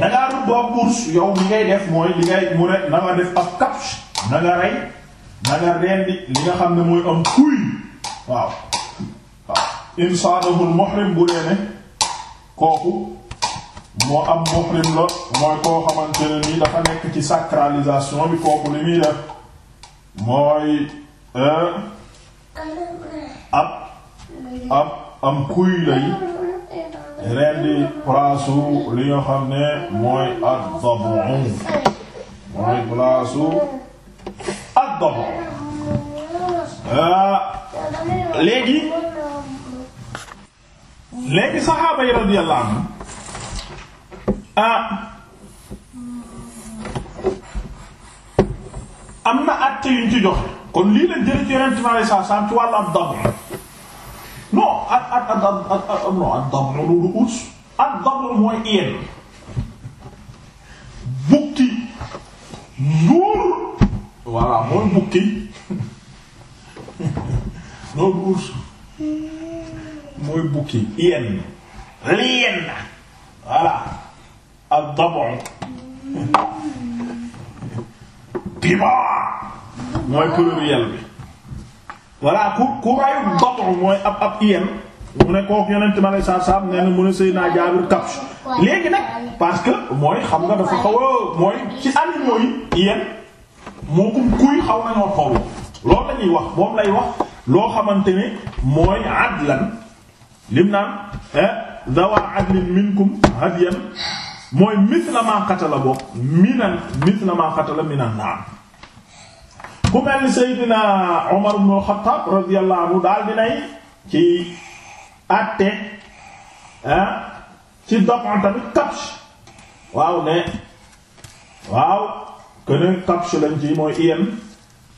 [SPEAKER 1] dangaa rëbb ab urs yow li ngay def mooy li ngay mu ne na def ab kapsh na rey na rendi li nga xam ne mooy am kuy. waaw waaw insaadahu muhrim am mooy koo xamante dafa nekk ci sacralisation bi kooku li muy def mooy euh, ab ab am kuy lay rendi palaasu li nga xam ne mooy ad-dabu mooy palaasu ad-dabu Euh, léegi léegi saxaaba yi radiyallahu anhum ah am na acte yuñ ci joxe kon lii la jël ci Yonent mi alayhi salaatu salaam ci wàllu ab dab non ak ak bukki nduur voilà mooy bukki loolu uurs mooy bukki yenn li yenn voilà ak dabon piment mooy pluriel bi voilà ku ku rayu dabon mooy ab ab yenn mu ne kooku yonent ma lay saa saa mu ne Seydina Jaabir kapsu léegi nag parce mooy xam nga dafa xaw a mooy ci animaux yi yenn moo ko kuy xaw nañoo xaw loolu la wax moom lay wax loo xamante mooy adlan lim naan eh, dawa adlin minkum hadiyan mooy mithla ma qatala bok minan mithla ma qatala minan naam ku mel ni Seydina Omar ibn Khattab radiyallahu anhu daal dinay ci àtte eh, ci dopan tamit kapsh waaw ne waaw kene kapsh lañ ci mooy iyem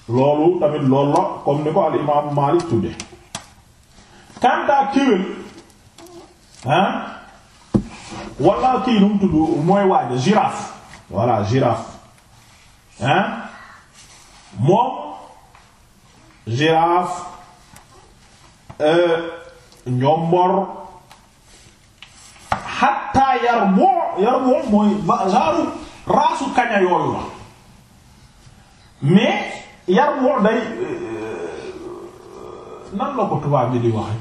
[SPEAKER 1] loolu tamit loolu la ni ko al imaamu Maalik tudde kantaa kéwél ah walla kii mooy waaja girafe voilà girafe ah moom ñombor xatta yar mooy ba raasu kaña yooyu la yar moo day euh, nan la ko tubaab bi di waxe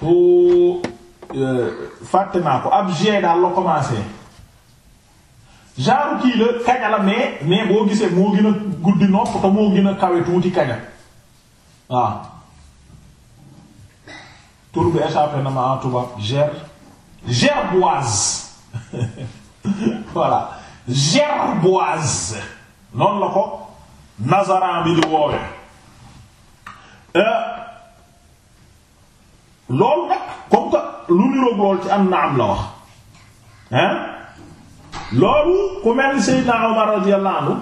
[SPEAKER 1] foo euh, fàtte naa ko ab G daal la commencé genre kii la kaña la mais mais boo gisee moo gën a guddi nopp te moo gën a kawe tuuti kaña waaw tur bi échappé na ma en tubaab ger gerboise voilà gerboise noonu la ko nazaran bi di woowe euh, loolu nag comme que lu niroog lool ci am na am la wax hein loolu ku mel Seydina Omar radiyallahu anhu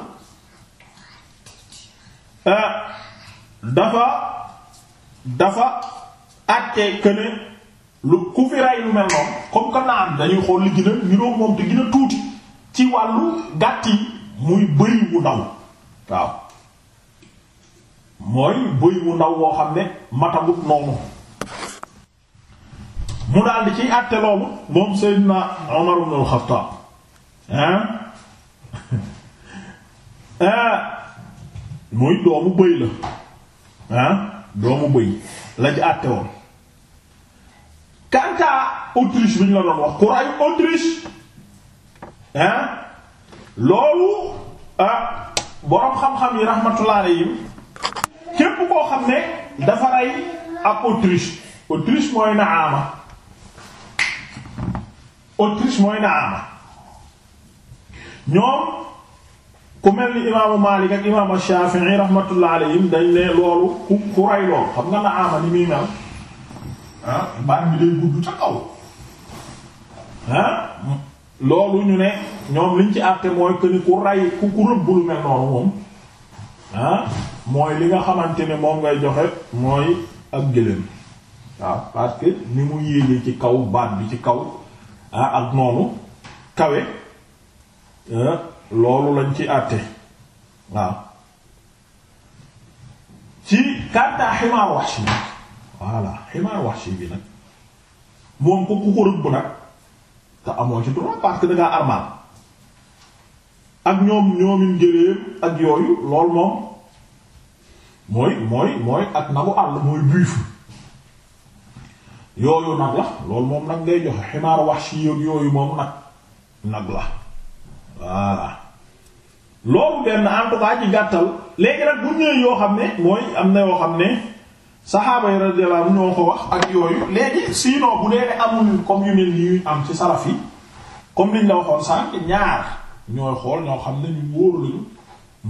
[SPEAKER 1] euh, dafa dafa àttee que lu ku fi rey lu mel noonu comme que naam dañuy xool li gën a niroog moom te gën tuuti ci wàllu gàtt yi muy bëy wu ndaw waaw mooy bëy wu ndaw woo xam ne matagut noonu mu daal di ciy àtte loolu moom Seydina Omar ibn al-Khattab muy doomu bëy la doomu bëy la ci àtte woon kantaa Autriche bi ñu la doon wax ku ray Autriche ah loolu ah boroom xam-xam yi rahmatullah alayhim képp koo xam ne dafa rey ak Autriche Autriche mooy naama Autriche mooy naama ñoom ku mel ni imaamu Maalik ak imaamu Shaafi'i rahmatullah dañ ne loolu ku ku rey loolu xam nga naama ni muy mel ah baat bi day gudd ca kaw ah. loolu ñu ne ñoom liñ ci àtte mooy que ni ku ray ku ku rëbb lu mel noonu moom ah, mooy li nga xamante ne moom ngay joxe mooy ak gëléem waaw parce que ni mu yéegee ci kaw baat bi ci kaw ah ak noonu kawe ah, loolu lañ ci àtte waaw ci kàttaa ximaar wax si nag ximaar wax si nag moom ko ku ko rëbb nag te amoo ci droit parce que da ak ñoom ñoomin gëléem ak yooyu lool moom mooy mooy mooy ak nagu àll mooy buifu yooyu nag la loolu moom nag ngay joxe ximaar wax si yooyu moom nag nag la voilà loolu benn en tout gàttal léegi nag bu ñëwee yoo xam ne mooy am na yoo xam ne saxaaba yi radiyallahu ñoo ko wax ak yooyu léegi sinon bu dee amul comme yu mel ni ñuy am ci salaf comme liñ la waxoon sànq ñaar ñooy xool ñoo xam ne ñu wóor lañu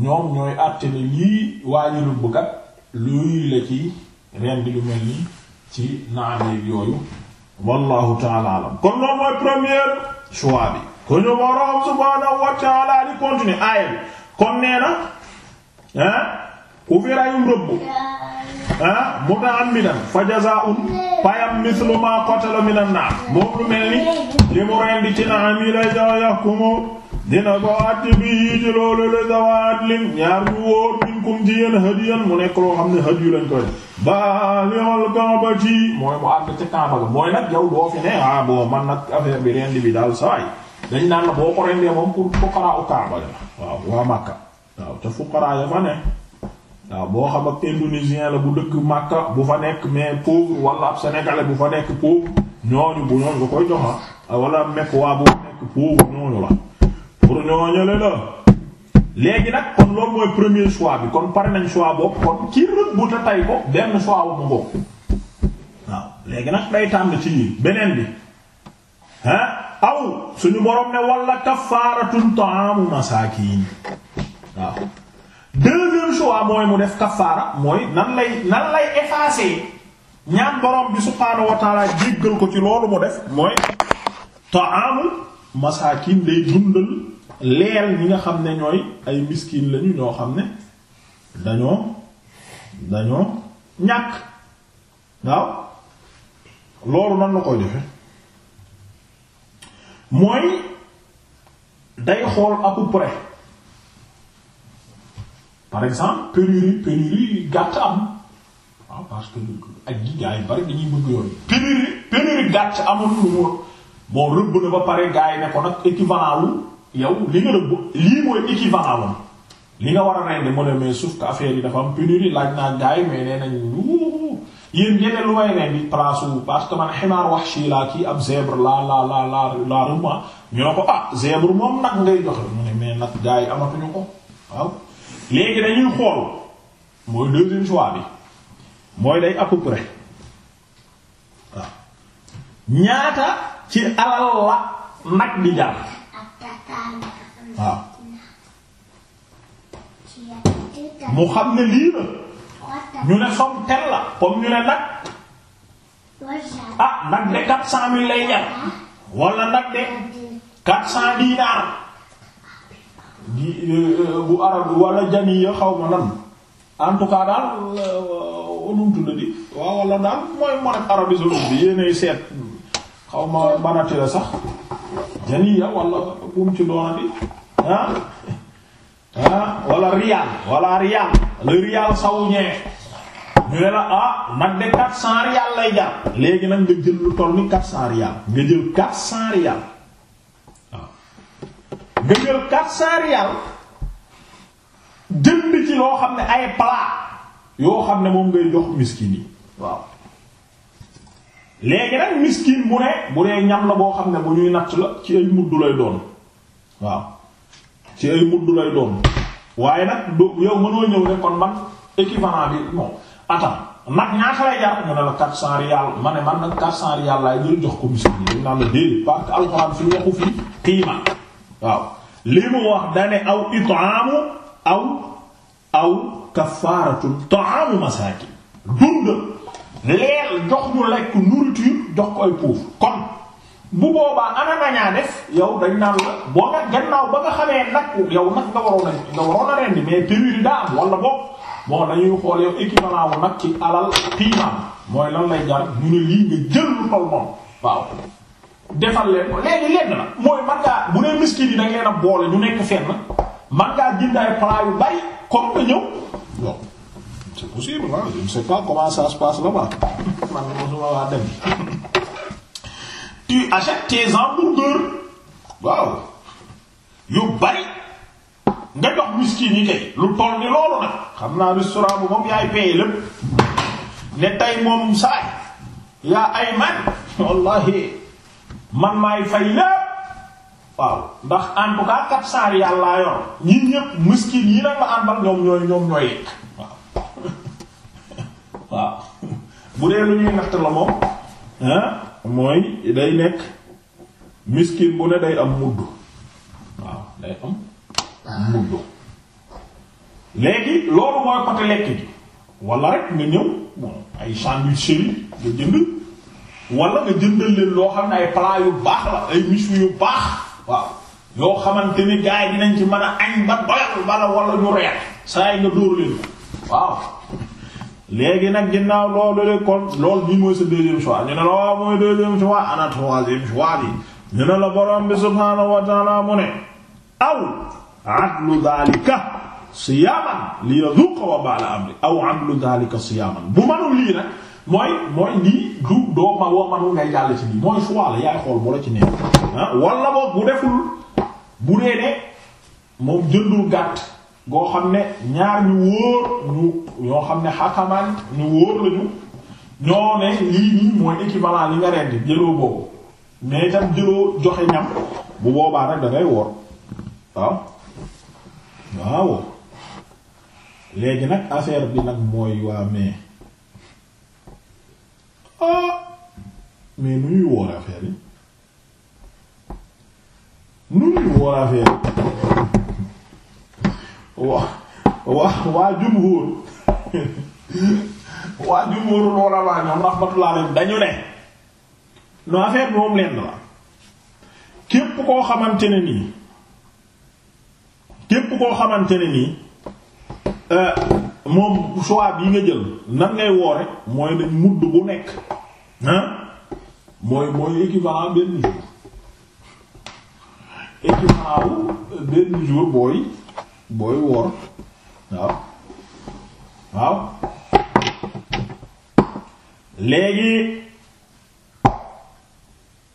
[SPEAKER 1] ñoom ñooy àtte ne lii waajurul bëggat luy la ci rendi lu mel nii ci naaneeg yooyu wallahu taala kon moom mooy premier choix bi ko ñu boroom subhaanahu wa taala di kon nee na ah ku fi rëbb ah mutaammidan fa jazaa'un payam mislu ma qatala minan naar moom lu mel ni li mu rendi ci na am yi lay dina ko àtte bi yii ci loolu la dawaat lim ñaar ñu wóor minkum ci yéen hadiyan mu nekk loo xam ne hadiyu lañ koy baalixal kaaba ci mooy mu àgg ca kaaba ga mooy nag yow doo fi ne ah bon man nag affaire bi rendi bi daal sawaay dañ naan la boo ko rendee moom pour fuqaraa u kaaba la waaw waa Makka waaw te ya fa ne waaw boo xam ak indonésien la bu dëkk Makka bu fa nekk mais pauvre wala ab sénégalais bu fa nekk pauvre ñooñu bu ñooñu nga koy joxa ah, wala mekkwaa bu nekk pauvre ñooñu la pour ñooñale la léegi nag kon loolu mooy premier choix bi kon pare nañ choix bopp kon ci rëb bu ta tay ko benn choix wu mu bopp waaw léegi nag day tànn ci yi beneen bi ah aw suñu borom ne wala kafaaratun ta'amu masakin waaw deuxième choix mooy mu def kafaara mooy nan lay nan lay effacer ñaan bi subhaanahu wa taala ko ci loolu mu def mooy ta'amu masaakin day dundal leel ñi nga xam ne ñooy ay miskin lañu ñoo xam ne dañoo dañoo ñàkk waaw loolu nan la koy defe mooy day xool à peu par exemple pénurie pénurie gàtt am waaw ah, parce que ak gi gars bari dañuy bëgg yooyu pénurie gàtt amul lu mu bon rëbb na ba pare gars yi ne ko nag équivalent wu yow li nga rëbb lii mooy équivalent wu li nga war a rendi mu ne mais sauf que affaire dafa am pénurie laaj naa gars yi mais nee nañ yéen ñeneen lu may rendi place parce que man ximaar wahshi laa kii ab zèbre laa laa laa laa laa ah. ko ah zèbre moom nag ngay joxe mu ne mais nag gars amatuñu ko léegi dañuy xool mooy deuxième choix bi mooy day à peu près ñaata ci alal la nag di jar mu xam ne lii la ñu ne somme tel la comme ñu ne nag ah nag de quatre cent lay jar wala nag de quatre cent gi euh, bu arab wala janiya xaw ma lan en tout cas daal euh, nu mu di waaw wala daal mooy monnaie Arabie saoudite bi yéenay seet xaw ma banati la sax janiya wala bu ci doona di ah ah wala riyal wala riyal le riyal saoudien ñu ne la ah nag de 400 riyal lay jar léegi nag nga jël lu toll ni 400 riyal nga jël 400 riyal. nga jël 400 riyal jënd ci loo xam ne ay plat yoo xam ne moom ngay jox miskin yi waaw léegi nag miskin bu ne bu dee ñam la boo xam ne bu ñuy natt la ci ay mudd lay doon waaw ci ay mudd lay doon waaye nag do yow mënoo ñëw ne man équivalent bi bon attends nag ñaata lay jar mu ne la 400 riyal ma ne man nag 400 riyal laay jël jox ko miskin yi naan la déedéet parce que alxuraan fi waxu fi qiima waaw li mu wax dane aw it'aamu aw aw kafaaratun ta'aamu masaakin dundal leel jox ñu lekk nourriture jox ko ay kon bu boobaa ana nañaa def yow dañ naan la boo nga gannaaw ba nga xamee nag yow nag nga waroon a a rendi mais pénurie daa am wala bopp bon dañuy xool yow équivalent nag ci alal xiimam mooy lan lay jar ñu ne lii nga jël lu waaw defal leen ko léegi lenn la mooy man ngaa bu dee miskin yi da ngeen a boole ñu nekk fenn man ngaa jënd plat yu bari comme nga ñëw. bon possible ah je ne sais pas comment ça se passe là-bas man mosuma waa dem. tu achètes tes waaw yu bari nga jox miskin yi kay lu toll ni loolu nag xam naa restaurant bu moom yaay paye lépp ne tey moom saay yaa ay man wallahi man maay fay lépp waaw ndax en tout cas quatre cent rial miskin yi nag ma àndal ñoom ñooy ñoom ñooy yekk waaw bu dee lu ñuy natt la moom mooy day nekk miskin bu ne day am mudd waaw day am mudd léegi loolu mooy côté lekk gi wala rek nga ñëw bon ay sandwich chéri nga jënd wala nga jëndal leen loo xam ne ay plat yu baax la ay michu yu baax yoo xamante ni gars yi dinañ ci mën a añ ba doyal bala wala ñu reer saa yi nga dóor leen waaw léegi nag ginnaaw loolu le kon loolu bii mooy sa deuxième choix ñu ne la waaw mooy deuxième choix ana troisième choix bi ñu ne la borom bi subhaanahu wa ta'ala mu ne aw adlu daalika siyaaman li yaduqa wa baala amri aw adlu daalika siyaaman bu manul lii nag mooy mooy lii du doo ma woo ngay jàll ci lii mooy choix la yaay xool bu ci neex ah wala boog bu deful bu dee ne moom jëndul gàtt goo xam ne ñaar ñu wóor ñu ñoo xam ne xakamaan ñu wóor lañu ñoo ne lii nii mooy équivalent li nga rendi jëloo boobu mais itam jëloo joxe ñam bu boobaa nag da ngay woor waaw waaw léegi nag affaire bi nag mooy waa mais ah mais nu ñuy woor affaire yi nu ñuy woor affaire yi waa waa waa jumhur waa jumhurul ulamaa ñoom rahmatullah alayhim dañu ne no affaire moom lenn la képp koo xamante ne nii képp koo xamante ne nii euh, moom choix bi nga jël nan ngay woore mooy ne mudd bu nekk ah mooy mooy équivalent benn jour équivalent wu euh, benn jour booy booy woor waaw waaw léegi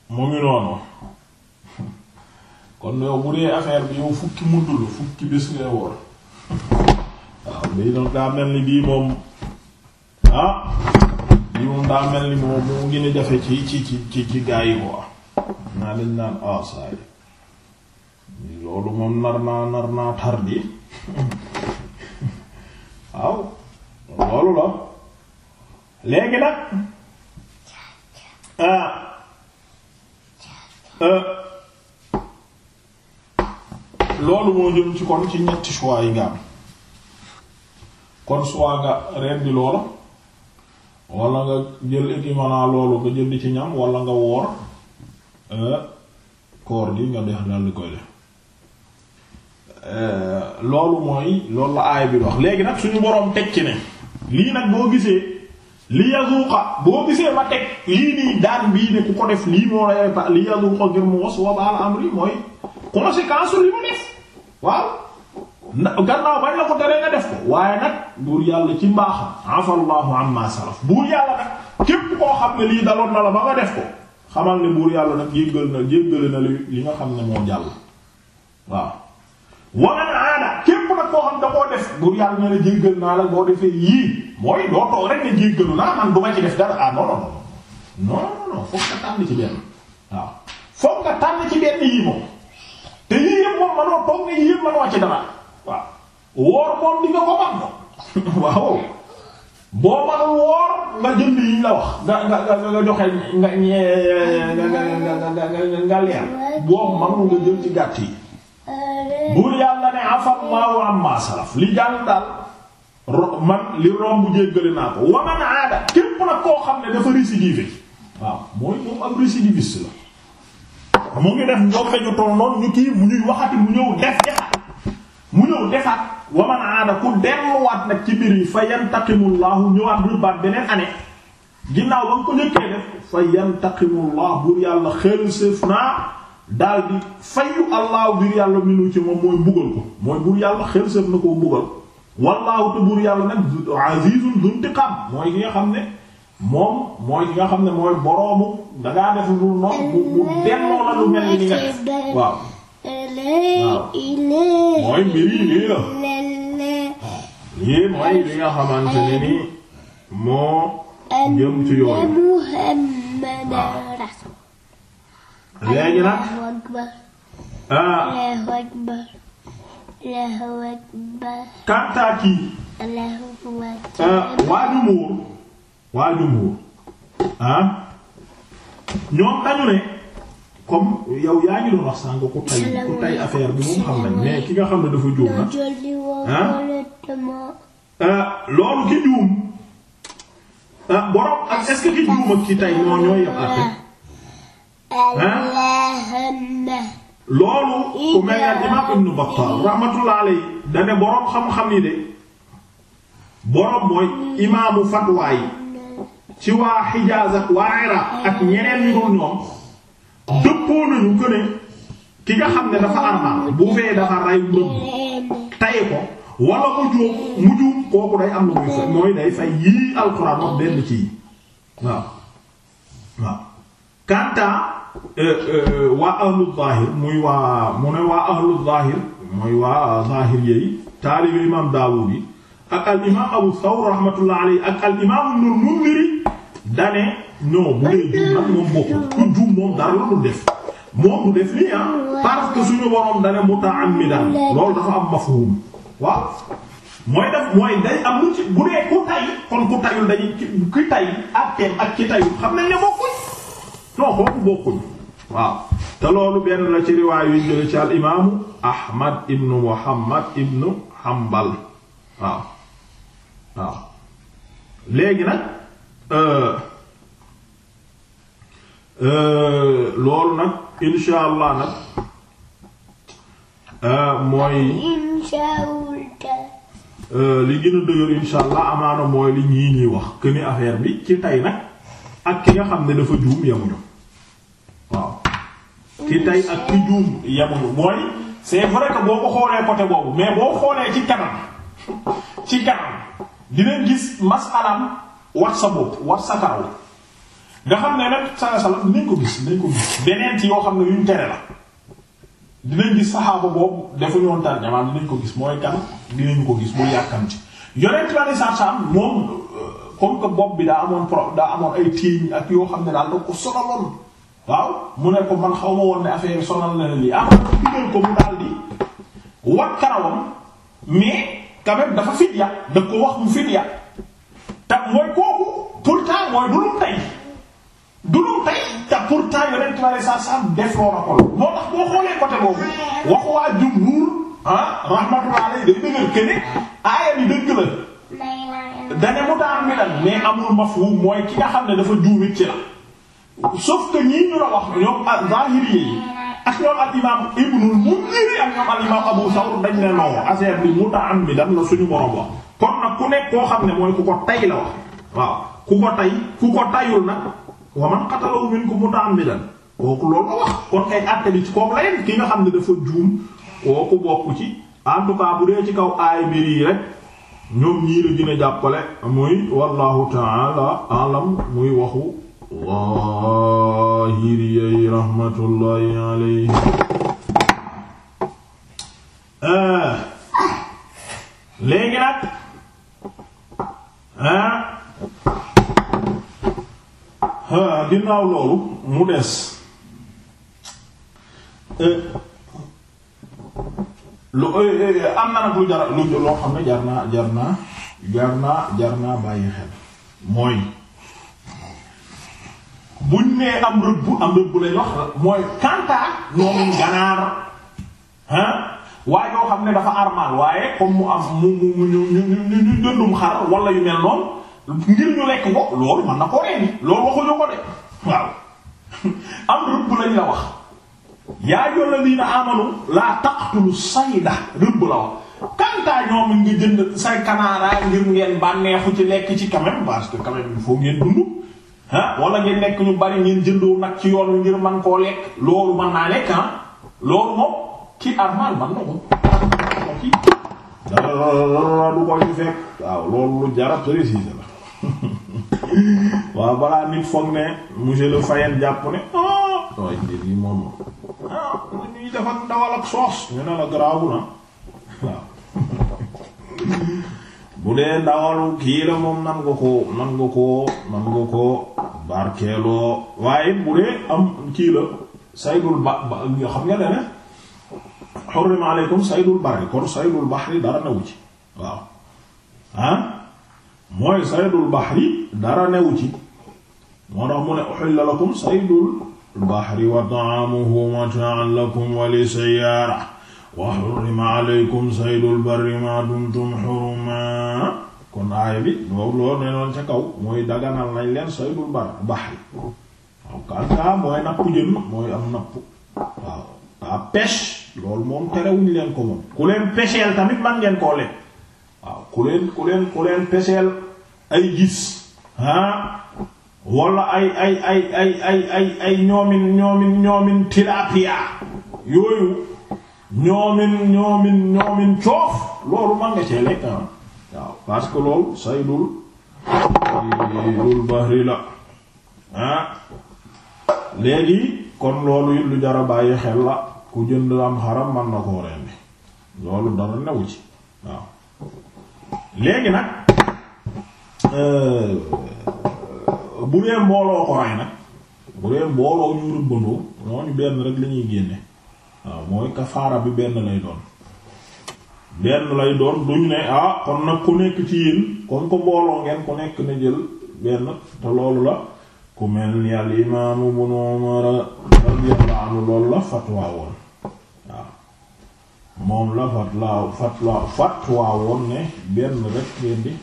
[SPEAKER 1] mu ngi noonu kon yow bu dee affaire bi yow fukki mudd la fukki bés ngay woor waaw bii nag daa mel ni bii moom ah bii moom daa mel ni moom mu ngi ne jafe ci ci ci gaa yi quoi naa dañ naan ah saa yi loolu moom nar naa nar naa tardi waaw loolu la léegi nag ah, ah loolu moo jëm ci kon ci ñetti choix yi nga kon soit nga bi loola walla nga jël équipement loolu nga jël di ci ñam walla nga woor euh, koor nga dex dal di koy def euh, loolu mooy loolu la aay bi wax léegi nag suñu boroom teg ci ne lii nag boo gisee li yazuqa boo gisee ma teg lii nii daan bii ne ku ko def lii moo lay li yazuqa ngir mu was wa baal amri mooy conséquence li mu def waaw gannaaw bañ la ko tere nga def ko waaye nag buur yàlla ci mbaaxam afallahu amma salaf buur yàlla nag képp koo xam ne lii daloon na la ba def xamal ne buur yàlla na jéggale na li nga xam ne moo jàll waaw waman yàlla na naa la boo defee yii mooy doo toog rek ne jéggalu naa man du ma ci def dara ah non non non nga tànn ci benn yii moom te yii yëpp moom manoo toog ne yëpp manoo ci dara waaw woor moom di nga ko man moom waaw boo man woor nga jënd yi la wax nga nga nga joxe nga ñee nga leer boobu manu nga jël ci gàtt yi buur yàlla ne afallahu amma salaf li jàll daal man li romb jéggale naa ko waman aada képp nag koo xam ne dafa récidive waaw mooy moom am récidiviste la mu ngi def ñoom ñu toll noonu ñu kii mu ñuy waxati mu ñëw def jaxat mu ñëw defaat wa man aada ku delluwaat nag ci mbir yi fa yantaqimu llahu ñëwaat rëbbaat beneen année ginnaaw ba nga ko njëkkee def fa yantaqimu llah buur yàlla xel seef naa daal di fayu allah buur yàlla minu ci moom mooy mbugal ko mooy buur yàlla xel seef na koo mbugal wallaahu te buur yàlla nag azizun duntiqam mooy ki nga xam ne moom mooy ki nga xam ne mooy boroomu dangaa def lu noonu bu delloo la lu mel ni nga def waaw mooy mbir yi lii la yii mooy li nga xamante ne ni moo jëm ci yooyu léegi nag kantaaki waa jumuur waa jumuur ah ñoom dañu comme yow yaa ngi doon wax sànq ku tay ku tay affaire bi moom xam nañ mais ki nga xam ne dafa juum na ah? ah loolu ki juum ah ak est ki juum ak ki tay ñoo ñoo yem ah? loolu ku mel imaam Ibn Battal rahmatullahi alayhi da ne borom xam-xam yi de borom mooy imaamu fatwa ci waa Hijaaz ak waa Iraq ak ñeneen ñu dul ñoom. dëppoo nañu que ne ki nga xam ne dafa armal bu fee dafa rey rëbb tay ko wala mu juum mu juum kooku day am lu mooy day fay yii alxuraan wax benn ci yi euh, euh, waa ahlu zahir muy waa mu ne waa ahlu zahir mooy waa zahir yeey taalibi imaam Daawud ak al imaam Abu Thawr rahmatullah alayhi ak al imaam Ibnul Mundhir dane non bu dee jum nag moom bokkul ku jum moom dara la dul def moom du def lii ah parce suñu borom dane muta'ammidan loolu dafa am mafhum waaw mooy def mooy day am lu ci bu dee ku tay kon ku tayul dañuy ki tay ak teem ak ci tayul xam nañ ne bokkuñ non kooku bokkuñ waaw te loolu benn la ci riwaay yu jële ci al ahmad ibnu muhammad ibnu hambal waaw léegi nag Euh, euh, loolu nag insha allah nag euh, mooy li gën a dëgër insha allah amaana mooy li ñii ñuy wax que ni bi ci tey nag ak ki nga xam ne dafa juum yemuñu waaw ki tey ak ki juum yemuñu mooy c'est vrai boo ko xoolee côté boobu mais boo xoolee ci kanam ci kanam dinañ gis mas'alaam war sa bopp war sa karaw nga xam ne rek saa salaam nañ ko gis nañ ko gis beneen yoo xam ne yuñ tere la dinañ gis saxaaba boobu defuñu woon tarjamaa dinañ ko gis mooy kan dinañ ko gis muy yàkkam euh, ci que bopp bi daa amoon pro daa amoon ay téeñ ak yoo xam ne daal da ko mu ne ko man xaw ma woon ne affaire sonal na lii am ah, digal ko mu daal di wat karawam mais quand dafa fit ya da ko wax mu fit ya te mooy kooku pourtant mooy dulum tay dulum tay te pourtant yonent bi alayhi salaatu salaam def loo na ko la moo tax côté boobu waxu waa jumhuur ah rahmatullahi alayhi day dëggal keneen aaya bi dëgg la dane mu daan mi lan mais amul mafhum mooy ki nga xam ne dafa juumit ci la sauf que ñii ñu la wax ñoom az-Zahiri yi ak ñoom al imam Ibnul Mundiri ak ñoom al imam Abu Thawr dañ ne non affaire bi mu daan mi lan la suñu borom wax kon nag ku nekk koo xam ne mooy ku ko tay la wax waaw ku ko tay ku ko tayul nag wa man qatalahu minkum muta'ammidan kooku loolu la wax kon kay àtte bi la yem ki nga xam ne dafa juum kooku bokk ci en tout bu dee ci kaw aay mbir yi rek ñoom ñii la jàppale muy wallahu ta'ala alam muy waxu zahiri yey rahmatullahi ah ginnaaw loolu mu des euh, lu euh, euh, am na nag lu jar loo xam ne jar naa jar naa jar naa bàyyi xel mooy buñ nee am rëbb am rëbb lañ wax mooy kanta ñoom ganaar ah waaye yoo xam ne dafa armal waaye comme mu am mu mu mu ñu ñu ñu dëndum xar wala yu mel noonu ngir ñu lekk ko loolu mën na ko reeni loolu ngi jënd say kanaara ngir ngeen bànneexu ci lekk ci quand parce que quand même il bari ngeen jëndoo ci yoon ngir man koo lekk loolu mën naa lekk ah loolu moom ki armal man na ko kii dara du ko ci fekk waaw loolu lu jara préciser la waaw balaa nit foog ne monsieur le Fayenne jàpp ne ah! waaye nit yi moom ah ñuy def ak ndawal ak soos ñu ne la garaawu na waaw bu dee ndawal kii la moom nan nga ko nan nga ko nan nga ko barkeeloo waaye bu dee am kii la saydul ba ba xam nga ne ne xurrima aleykum saydul barri kon saydul baxri dara newu ci waaw ah mooy saydul baxri dara newu moo tax mu ne uhilla lakum saydul baxri wa ta'amuhu mata'an lakum wa li sayyara wa aleykum saydul barri ma dumtum huruma kon aaya bi loolu loolu noon ca kaw mooy daganal nañ leen saydul bar baxri waaw kanta mooy napp jën mooy am napp waaw a loolu moom ah. terewuñ leen ko moom ku leen peseel tamit man ngeen koo lekk waaw ku leen ku leen ku leen peseel ay gis ah wala ay ay ay ay ay ay ay ñoomin ñoomin ñoomin tilapia yooyu ñoomin ñoomin ñoomin coof loolu man nga lekk ah waaw parce que loolu saydul saydul bahri la ah léegi kon loolu it lu jar a bàyyi xel la ku jënd am xaram man na koo rendi loolu dara newu ci waaw léegi nag euh, bu dee mbooloo ko rey nag bu dee mbooloo ñu rëbbandoo ñooñu benn rek lañuy génne waaw mooy kafaara bi benn lay doon benn lay doon duñ ne ah kon nag ku nekk ci yéen kon ko mbooloo ngeen ku nekk na jël benn te loolu la ku mel ni al imaamu Ibnu Umar radiyallahu anhu loolu la fatwa woon moom la fat laa fat laa fat waa woon ne benn rek ngeen di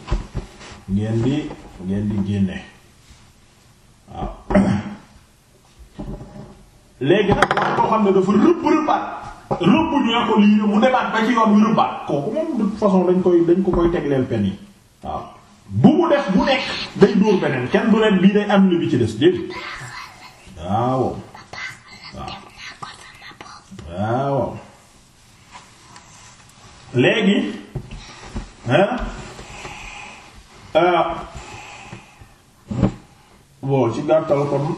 [SPEAKER 1] ngeen di ngeen di génne waaw léegi nag wax koo xam ne dafa rëbb rëbbaat rëbb ñu ne ko lii mu demaat ba ci yoon wi rëbbaat kooku moom de façon dañ koy dañ ko koy tegleel pen yi waaw bu def bu nekk day dóor beneen kenn du leen bii day am lu bi ci des déedéet waaw waaw waaw léegi euh, bon ci gàttal kon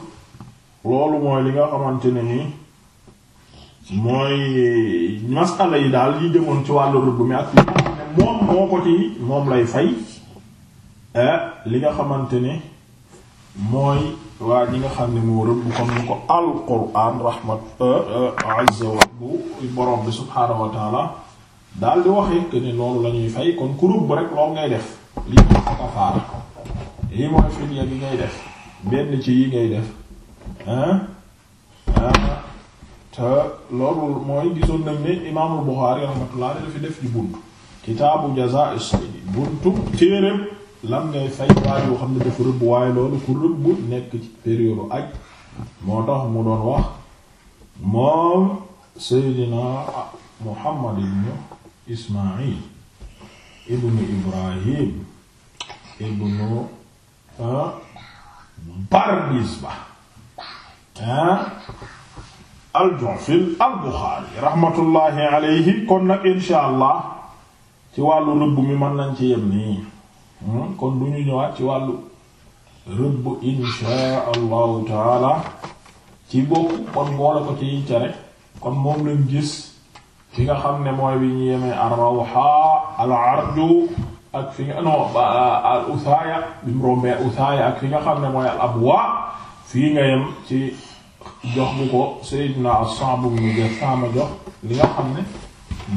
[SPEAKER 1] loolu mooy li nga xamante ne nii mooy masala yi daal yi jëmoon ci wàllu rëbb mi ak moom moo ko ci moom lay fay li nga xamante ne mooy waa ñi nga xam ne moo rëbb comme ni ko al quran rahmat euh, euh, azza bu borom bi subhaanahu wa daal di wax que ni loolu lañuy ñuy fay kon kurub bu rek loolu ngay def lii mooy sa kafaara bi ngay def benn ci yi ngay def ah ah te loolu mooy gisoon nañ ne imaamul Buxaari rahmatullah dafa def di buntu kitaabu jazaa'i saydi buntu téereem lan ngay fay waaye yoo xam ne dafa rëbb waaye loolu kurub bu nekk ci période aj moo tax mu doon wax moom Seydina Muhammad ibn ismail ibnu ibrahim ibnu bardisba al-Ju'fi al-Buxaari rahmatullahi kon nag insha allah ci wàllu rëbb mi mën nañ ci yem nii hmm? kon du ñu ñëwaat ci wàllu rëbb insha allahu taala ci bokk kon boole ko ci tere kon moom lañ gis fi nga xam ne mooy wi ñu yemee ar-Rawha al-Arju ak fi nga xam ne mooy al-Abwa fii nga yem ci jox bu ko Sayyidina as-Sa'b mu def sama jox li nga xam ne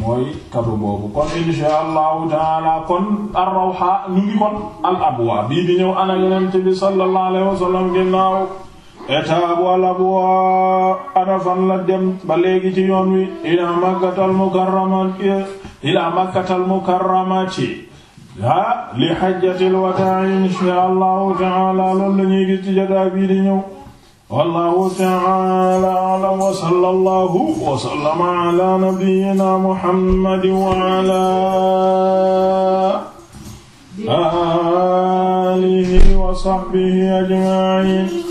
[SPEAKER 1] mooy kado boobu kon insha allahu taala kon ar-Rawha ñu ngi kon al-Abwa bii di ñëw ana Yonent bi sallallahu alayhi wa sallam ginnaaw yataabu al abwaa ana fan la dem ba léegi ci yoon wi ilaa makkatal mukarramati ilaa makkatal mukarramati ah li xajjatil wataa inshaa allahu taala loolu la ñuy gis ci jataa bii di ñëw wallahu taala a'lam wa sallallahu wa sallama ala nabiyyina muhammadin wa ala alihi wa sahbihi ajma'in